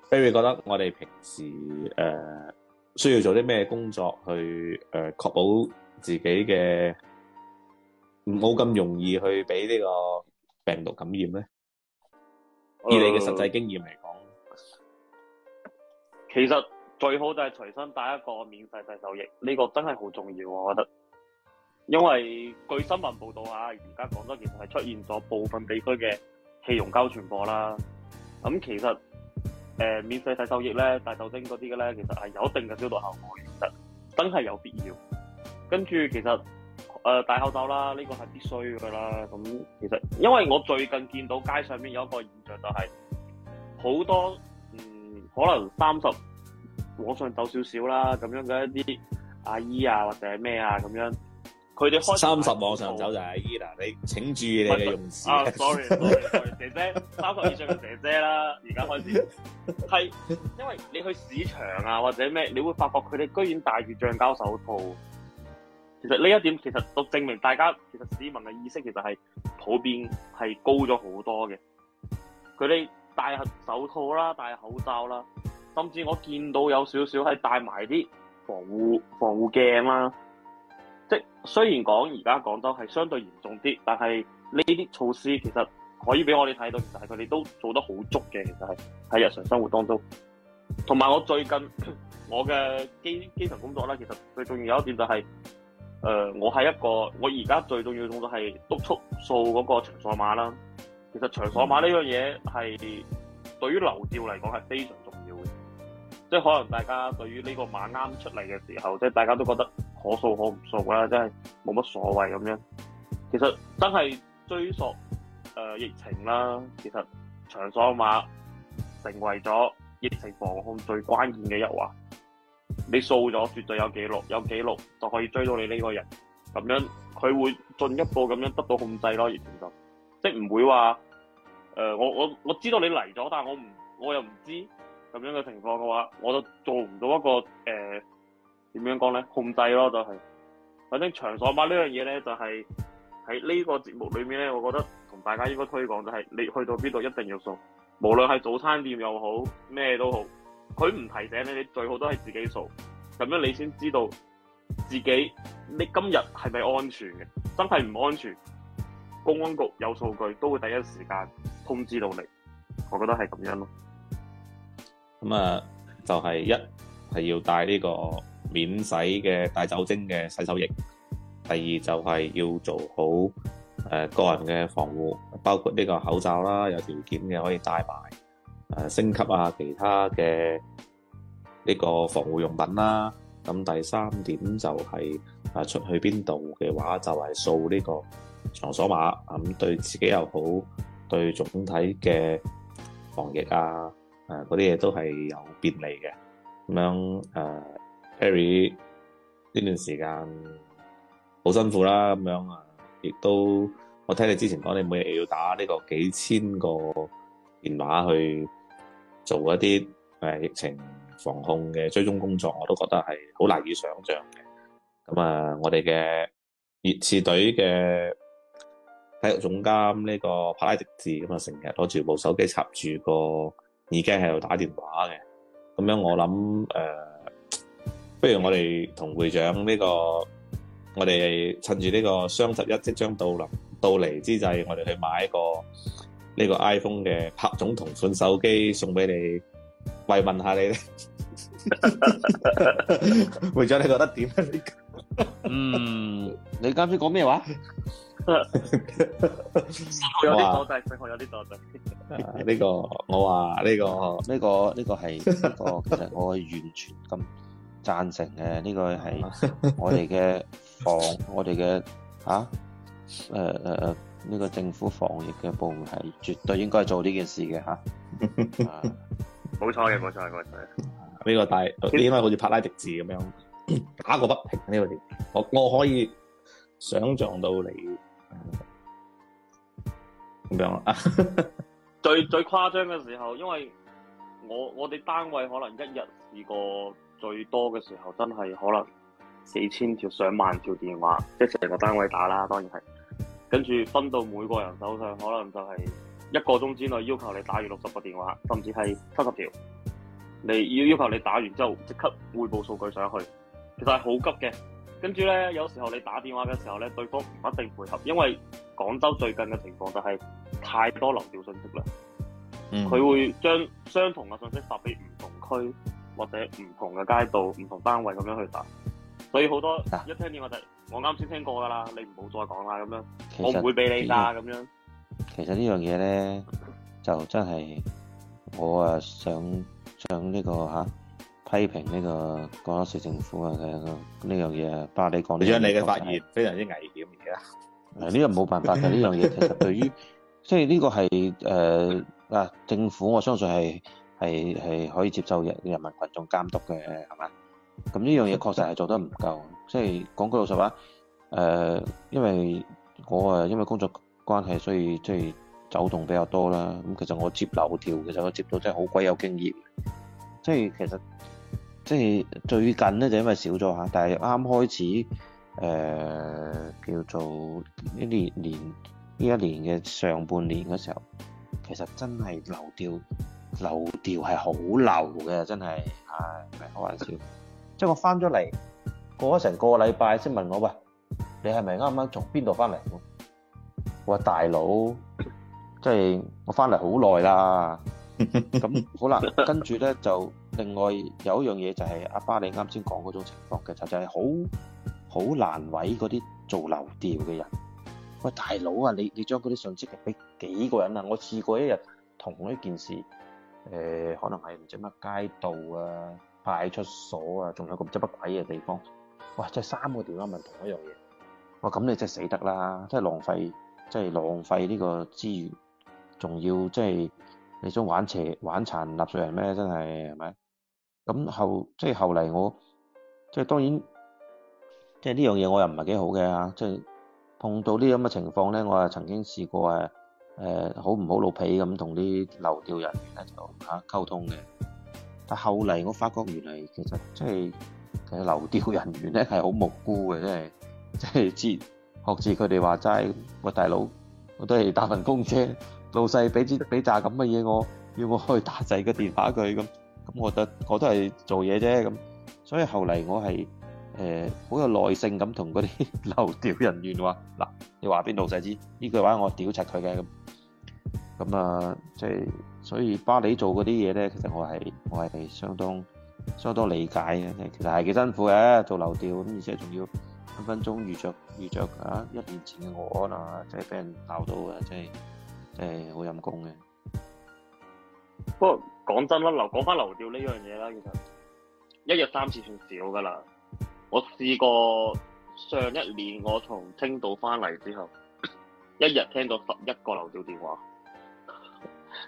，Barry 覺得我哋平時誒、呃、需要做啲咩工作去誒確、呃、保自己嘅唔好咁容易去俾呢個病毒感染咧？以你嘅實際經驗嚟。Uh 其實最好就係隨身帶一個免洗洗手液，呢、這個真係好重要，我覺得。因為據新聞報道啊，而家廣州其實係出現咗部分地區嘅氣溶膠傳播啦。咁其實誒、呃、免洗洗手液咧、帶酒精嗰啲嘅咧，其實係有一定嘅消毒效果，其實真係有必要。跟住其實誒戴、呃、口罩啦，呢、這個係必須噶啦。咁其實因為我最近見到街上面有一個現象就係、是、好多。可能三十往上走少少啦，咁樣嘅一啲阿姨啊，或者係咩啊咁樣，佢哋開三十往上走就係阿姨啦，你請注意你嘅用詞。啊，sorry，, sorry, sorry 姐姐，三十以上嘅姐姐啦，而家開始係，因為你去市場啊或者咩，你會發覺佢哋居然戴住橡膠手套。其實呢一點其實都證明大家其實市民嘅意識其實係普遍係高咗好多嘅，佢哋。戴手套啦，戴口罩啦，甚至我見到有少少係戴埋啲防護、防護鏡啦。即雖然講而家廣州係相對嚴重啲，但係呢啲措施其實可以俾我哋睇到，其實係佢哋都做得好足嘅。其實係喺日常生活當中，同埋我最近我嘅基基層工作咧，其實最重要有一點就係、是，誒、呃，我係一個我而家最重要嘅工作係督促掃嗰個場所碼啦。其實場所碼呢樣嘢係對於流調嚟講係非常重要嘅，即係可能大家對於呢個碼啱出嚟嘅時候，即係大家都覺得可掃可唔掃啦，即係冇乜所謂咁樣。其實真係追溯誒、呃、疫情啦，其實場所碼成為咗疫情防控最關鍵嘅一環，你掃咗絕對有記錄，有記錄就可以追到你呢個人咁樣，佢會進一步咁樣得到控制咯，疫情就即係唔會話。誒、呃，我我我知道你嚟咗，但係我唔，我又唔知咁樣嘅情況嘅話，我就做唔到一個誒，點、呃、樣講呢控制咯，就係、是，反正場所碼呢樣嘢呢，就係喺呢個節目裏面呢。我覺得同大家應該推廣就係，你去到邊度一定要掃，無論係早餐店又好咩都好，佢唔提醒你，你最好都係自己掃，咁樣你先知道自己你今日係咪安全嘅，真係唔安全。公安局有數據，都會第一時間通知到你。我覺得係咁樣咯。咁啊，就係一係要帶呢個免洗嘅帶酒精嘅洗手液。第二就係要做好誒個人嘅防護，包括呢個口罩啦，有條件嘅可以戴埋誒升級啊其他嘅呢個防護用品啦。咁第三點就係啊出去邊度嘅話，就係掃呢個場所碼，咁對自己又好，對總體嘅防疫啊，誒嗰啲嘢都係有便利嘅。咁樣誒 uh, Barry 呢段時間好辛苦啦，咁樣啊，亦都我聽你之前講，你每日要打呢個幾千個電話去做一啲誒、啊、疫情防控嘅追蹤工作，我都覺得係好難以想象嘅。咁啊，我哋嘅熱刺隊嘅。體育總監呢個帕拉迪士咁啊，成日攞住部手機插住個耳機喺度打電話嘅。咁樣我諗誒、呃，不如我哋同會長呢、呢個，我哋趁住呢個雙十一即將到臨到嚟之際，我哋去買一個呢個 iPhone 嘅拍總同款手機送俾你，慰問下你咧。會長你覺得點咧？ 嗯，你啱先講咩話？有啲多滯，佢有啲多。滯。呢個我話呢個呢個呢個係個，這個、其實我係完全咁贊成嘅。呢、這個係我哋嘅防， 我哋嘅啊，誒誒誒，呢、呃這個政府防疫嘅部門係絕對應該做呢件事嘅吓。冇錯嘅，冇錯，冇錯。呢個大，你啲咪好似帕拉迪字咁樣打個不停呢？我我可以想象到你咁樣啊。最最誇張嘅時候，因為我我哋單位可能一日試過最多嘅時候，真係可能四千條、上萬條電話，即成個單位打啦。當然係跟住分到每個人手上，可能就係一個鐘之內要求你打完六十個電話，甚至係七十條。你要要求你打完之後即刻匯報數據上去。其實係好急嘅，跟住咧，有時候你打電話嘅時候咧，對方唔一定配合，因為廣州最近嘅情況就係太多流調信息啦。佢、嗯、會將相同嘅信息發俾唔同區或者唔同嘅街道、唔同單位咁樣去打，所以好多。嗱。一聽電話、就是啊、我第，我啱先聽過噶啦，你唔好再講啦，咁樣。實我唔會俾你打咁樣。其實這件事呢樣嘢咧， 就真係我啊想想呢、這個吓。批評呢個廣州市政府啊，佢呢樣嘢，Barry 你講呢樣嘢，你嘅發言非常之危險而家。呢個冇辦法嘅，呢樣嘢其實對於，即係呢個係誒嗱，政府我相信係系係可以接受人人民群眾監督嘅，係嘛？咁呢樣嘢確實係做得唔夠，即係講句老實話，誒、呃，因為我誒因為工作關係，所以即係走動比較多啦。咁其實我接樓跳，其實我接到真係好鬼有經驗，即係其實。即係最近咧，就因為少咗嚇，但係啱開始誒、呃、叫做呢年年呢一年嘅上半年嘅時候，其實真係流調流調係好流嘅，真係，唉，唔係開玩笑。即係我翻咗嚟過咗成個禮拜先問我，喂，你係咪啱啱從邊度翻嚟？就是、我話大佬，即係我翻嚟好耐啦。咁好啦，跟住咧就。另外有一樣嘢就係、是、阿爸，爸你啱先講嗰種情況其實就係好好難為嗰啲做流調嘅人。喂大佬啊，你你將嗰啲信息俾幾個人啊？我試過一日同一件事，誒、呃、可能係唔知乜街道啊、派出所啊，仲有個唔知乜鬼嘅地方。哇，即係三個地方問同一件事樣嘢。哇，咁你真係死得啦，真係浪費真係浪費呢個資源，仲要即係你想玩邪玩殘納稅人咩？真係係咪？咁後即係後嚟，我即係當然，即係呢樣嘢我又唔係幾好嘅嚇，即係碰到呢啲咁嘅情況咧，我呀曾經試過誒誒好唔好老脾咁同啲流調人員咧就嚇溝通嘅。但後嚟我發覺原來其實即係流調人員咧係好無辜嘅，即係即係知學知佢哋話齋，喂，大佬我都係打份工啫，老細俾啲俾扎咁嘅嘢，我要我去打滯嘅電話佢咁。咁我覺得我都係做嘢啫咁，所以後嚟我係誒好有耐性咁同嗰啲流調人員話嗱，你話邊度細支呢句話我屌柒佢嘅咁，咁啊即係所以巴里做嗰啲嘢咧，其實我係我係相當相當理解嘅，其實係幾辛苦嘅，做流調，咁而且仲要分分鐘遇着、遇着啊一年前嘅我啊，即係俾人鬧，到啊，即係即係好陰功嘅。不過。哦講真啦，流講返流調呢樣嘢啦，其實一日三次算少㗎喇。我試過上一年我從青島返嚟之後，一日聽到十一個流調電話，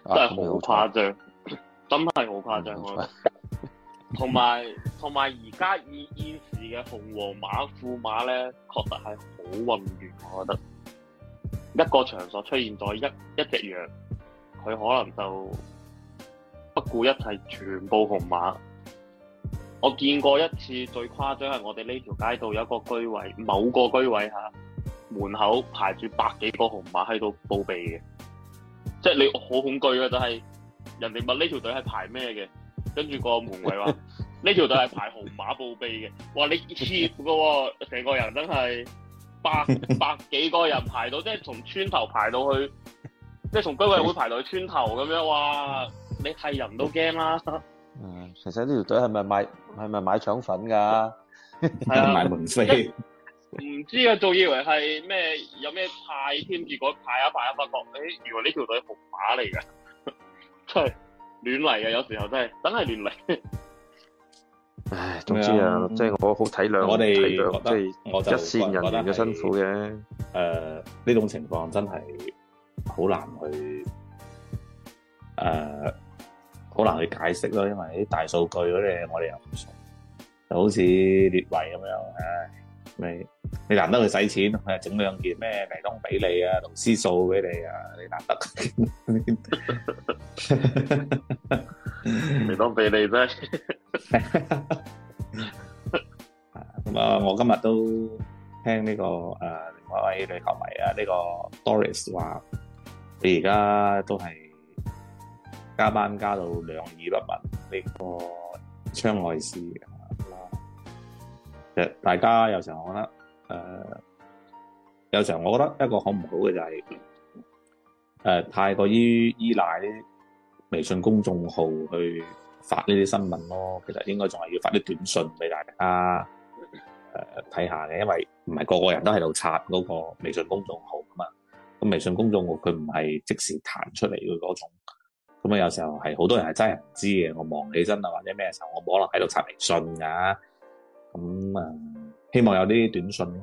啊、真係好誇張，真係好誇張。同埋同埋而家現現時嘅紅黃馬富馬呢，確實係好混亂，我覺得一個場所出現咗一一隻羊，佢可能就。不顧一切，全部紅碼。我見過一次最誇張係，我哋呢條街道有一個居委，某個居委吓門口排住百幾個紅碼喺度報備嘅，即係你好恐懼嘅就係、是、人哋問呢條隊係排咩嘅，跟住個門衛話呢條隊係排紅碼報備嘅，哇你黐噶、哦，成個人真係百百幾個人排到，即係從村頭排到去，即係從居委會排到去村頭咁樣，哇！你係人都驚啦！誒，其實呢條隊係咪買係咪買腸粉噶？係啊，買門飛。唔知啊，仲以為係咩有咩派添，結果派啊派啊，發覺你原來呢條隊伏馬嚟嘅，真係亂嚟嘅。有時候真係真係亂嚟。唉，總之啊，即係我好體諒我哋，即係一線人員嘅辛苦嘅。誒，呢種情況真係好難去誒。好難去解釋咯，因為啲大數據嗰啲我哋又唔熟，就好似列位咁樣，唉，你你難得去使錢，係整兩件咩尼康比利啊、勞斯數俾你啊，你難得，尼康比利咩？咁啊，我今日都聽呢個誒另外一位女球迷啊，呢個 Doris 話佢而家都係，加班加到兩耳不聞呢個窗外事啦。其實大家有時候我覺得，誒有時候我覺得一個好唔好嘅就係誒太過於依賴微信公眾號去發呢啲新聞咯。其實應該仲係要發啲短信俾大家誒睇下嘅，因為唔係個個人都喺度刷嗰個微信公眾號啊嘛。咁微信公眾號佢唔係即時彈出嚟嘅嗰種。咁啊，有時候係好多人係真係唔知嘅，我忙起身啊，或者咩時候，我冇可能喺度刷微信噶。咁啊，希望有啲短信。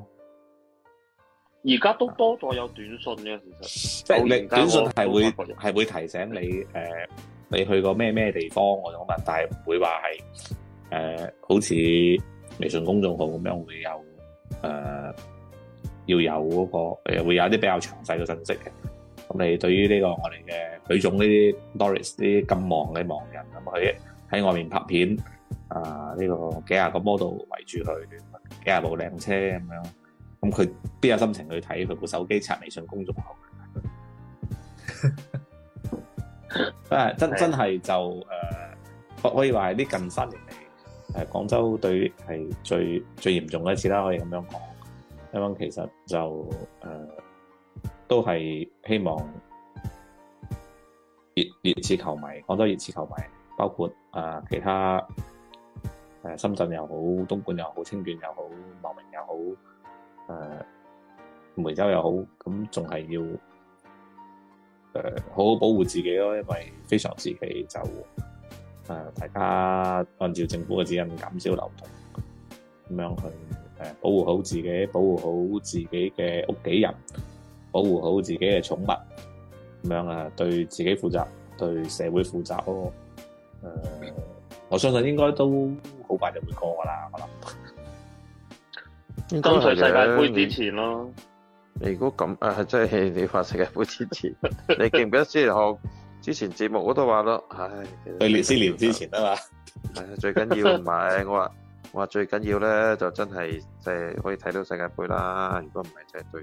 而家都多咗有短信嘅，嗯、其實即係是短信係會係的會提醒你、呃、你去過咩咩地方我種問但係唔會話係誒，好似微信公眾號咁樣會有誒、呃，要有嗰、那個會會有啲比較詳細嘅信息嘅。咁你對於呢、這個我哋嘅許總呢啲 Doris 啲咁忙嘅忙人，咁佢喺外面拍片啊呢、這個幾廿個 model 圍住佢幾廿部靚車咁樣，咁佢邊有心情去睇佢部手機刷微信公眾號、 啊？真係的真真係就誒，我、呃、可以話係啲近十年嚟、呃、廣州對係最最嚴重嘅一次啦，可以咁樣講。因為其實就誒。呃都係希望熱熱刺球迷，廣州熱刺球迷，包括啊、呃、其他、呃、深圳又好，東莞又好，清遠又好，茂名又好，呃、梅州又好，咁仲係要、呃、好好保護自己咯，因為非常時期就、呃、大家按照政府嘅指引減少流動，咁樣去、呃、保護好自己，保護好自己嘅屋企人。保護好自己嘅寵物，咁樣啊，對自己負責，對社會負責咯。誒、嗯，我相信應該都好快就會過噶啦，我諗。應該係世界杯之前咯。你你你如果咁誒，即、啊、係、就是、你話世界杯之前， 你記唔記得之前我之前節目我都話咯，唉，對列斯聯之前啊嘛，係啊，最緊要唔係我話，我話最緊要咧就真係即係可以睇到世界杯啦。如果唔係就係對。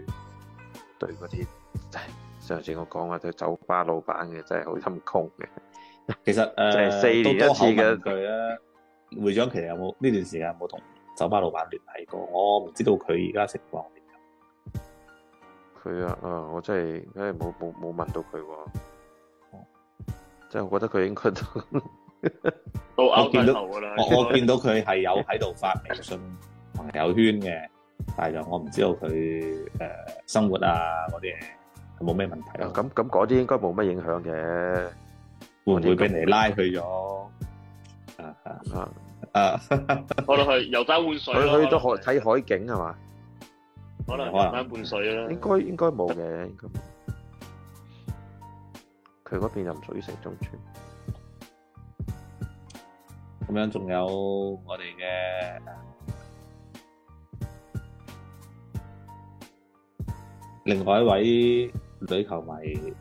對嗰啲，上次我講話對酒吧老闆嘅真係好陰功嘅。其實誒，四年一次嘅，呃、 會長其實有冇呢段時間有冇同酒吧老闆聯繫過？我唔知道佢而家情況點。佢啊，啊，我真係真係冇冇冇問到佢喎、啊。即係我覺得佢應該都，我見到我我見到佢係有喺度發微信朋友 圈嘅。但係就我唔知道佢，誒，生活啊，嗰啲嘢冇咩問題咯。咁咁，嗰啲應該冇乜影響嘅，會唔會俾你拉去咗？啊啊啊！可能去遊山玩水咯。去去都海睇，海景係嘛？可能遊山玩水啦。應該應該冇嘅，應該。佢嗰邊又唔屬於城中村。咁樣仲有我哋嘅。另外一位女球迷，誒、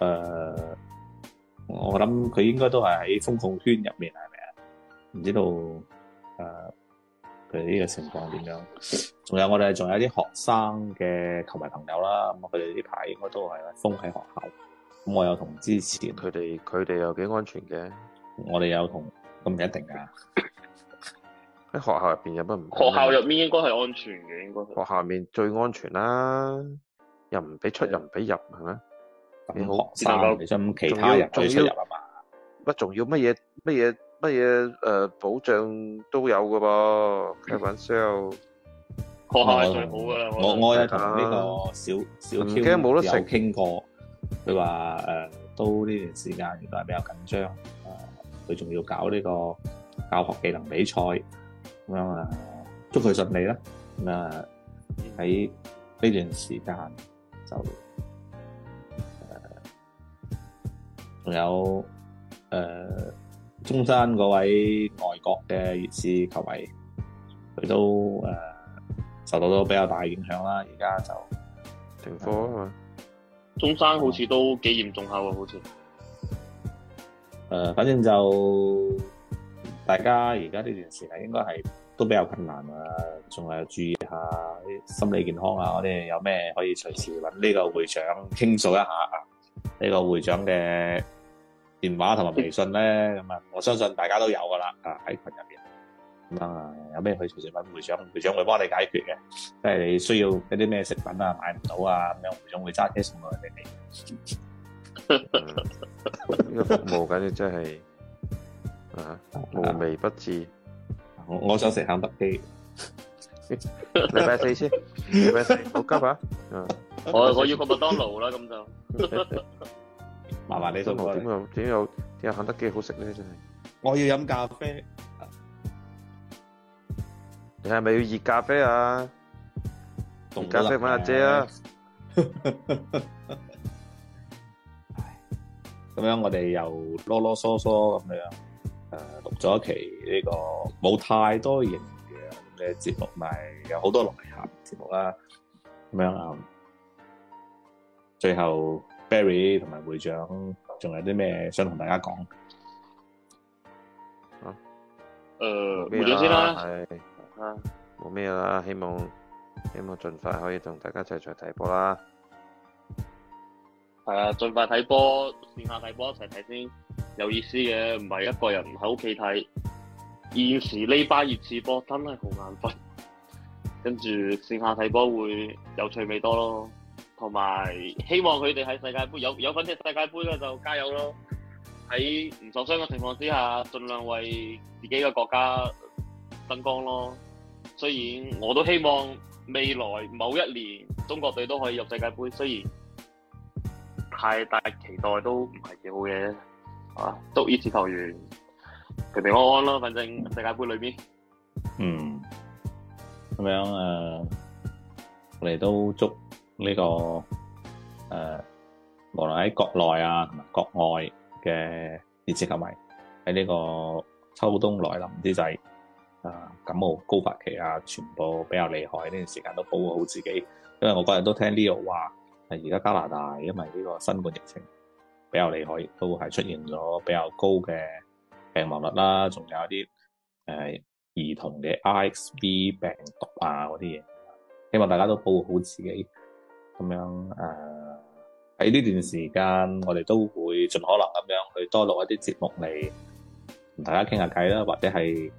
呃，我諗佢應該都係喺封控圈入面，係咪啊？唔知道誒佢呢個情況點樣？仲有我哋仲有啲學生嘅球迷朋友啦，咁佢哋呢排應該都係封喺學校。咁我有同之前佢哋，佢哋又幾安全嘅。我哋有同咁唔一定噶，喺學校入面有乜唔？學校入面應該係安全嘅，應該學校入面最安全啦。又唔俾出，又唔俾入，係咪？咁學生其實其他人唔俾入啊嘛？乜仲要乜嘢乜嘢乜嘢？誒保障都有嘅噃。Kevin sell，學校係最好嘅。我我有呢個小小傾，唔驚冇得食傾過。佢話誒都呢段時間原來比較緊張。佢仲要搞呢個教學技能比賽咁樣啊，祝佢順利啦。咁啊喺呢段時間。就仲有誒、呃，中山嗰位外國嘅粵師球迷，佢都誒、呃、受到咗比較大影響啦。而家就停課啊嘛。呃、中山好似都幾嚴重下喎，好似。誒、呃，反正就大家而家呢段時間，應該係都比較困難啊，仲係要注意。啊！啲心理健康啊，我哋有咩可以隨時搵呢個會長傾訴一下啊？呢個會長嘅電話同埋微信咧，咁啊，我相信大家都有噶啦，啊喺群入邊咁啊，有咩可以隨時搵會長，會長會幫你解決嘅。即係你需要一啲咩食品啊，買唔到啊，咁樣會長會揸車送到嚟畀你。呢個服務簡直真係啊，無微不至。我，我想食肯德基。禮拜四先，禮拜四好加把，嗯，我我要個麥當勞啦，咁就麻煩你送我點樣點有點有肯德基好食咧，真係。我要飲咖啡，你係咪要熱咖啡啊？熱咖啡，阿姐。咁樣我哋又囉囉嗦嗦咁樣，誒，錄咗一期呢個冇太多嘢。嘅節目，咪有好多龍岩節目啦，咁樣啊。最後 Barry 同埋會長，仲有啲咩想同大家講？啊，誒、呃，會長先啦，係冇咩啦，希望希望盡快可以同大家一齊再睇波啦。係啊，盡快睇波，線下睇波一齊睇先，有意思嘅，唔係一個人喺屋企睇。現時呢班熱刺波真係好眼瞓，跟住線下睇波會有趣味多咯，同埋希望佢哋喺世界盃有有份踢世界盃啦，就加油咯！喺唔受傷嘅情況之下，盡量為自己嘅國家增光咯。雖然我都希望未來某一年中國隊都可以入世界盃，雖然太大期待都唔係幾好嘅，啊，祝熱刺球員！平平安安咯，反正世界盃裏面嗯咁樣誒、呃，我哋都祝呢、這個誒、呃，無論喺國內啊同埋國外嘅熱刺球迷喺呢個秋冬來臨之際誒、呃，感冒高發期啊，全部比較厲害呢段時間都保護好自己。因為我個人都聽 Leo 話，係而家加拿大因為呢個新冠疫情比較厲害，亦都係出現咗比較高嘅。病亡率啦，仲有一啲誒、呃、兒童嘅 I X b 病毒啊，嗰啲嘢，希望大家都保護好自己咁樣誒。喺、呃、呢段時間，我哋都會盡可能咁樣去多錄一啲節目嚟同大家傾下偈啦，或者係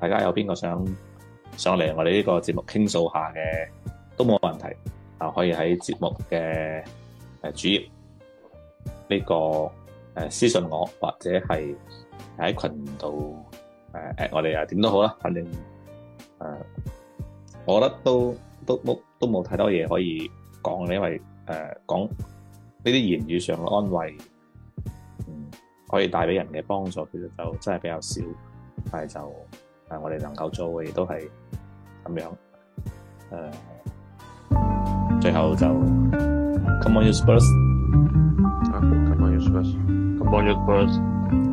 大家有邊個想上嚟我哋呢個節目傾訴下嘅，都冇問題啊。可以喺節目嘅主頁呢、呢個誒私信我，或者係～喺群度、呃、我哋又點都好啦，反正、呃、我覺得都都都冇太多嘢可以講，因為誒講呢啲言語上嘅安慰，嗯、可以帶俾人嘅幫助，其實就真係比較少，但係就、呃、我哋能夠做嘅都係咁樣、呃、最後就 come on your Spurs，come on your Spurs，come on your Spurs。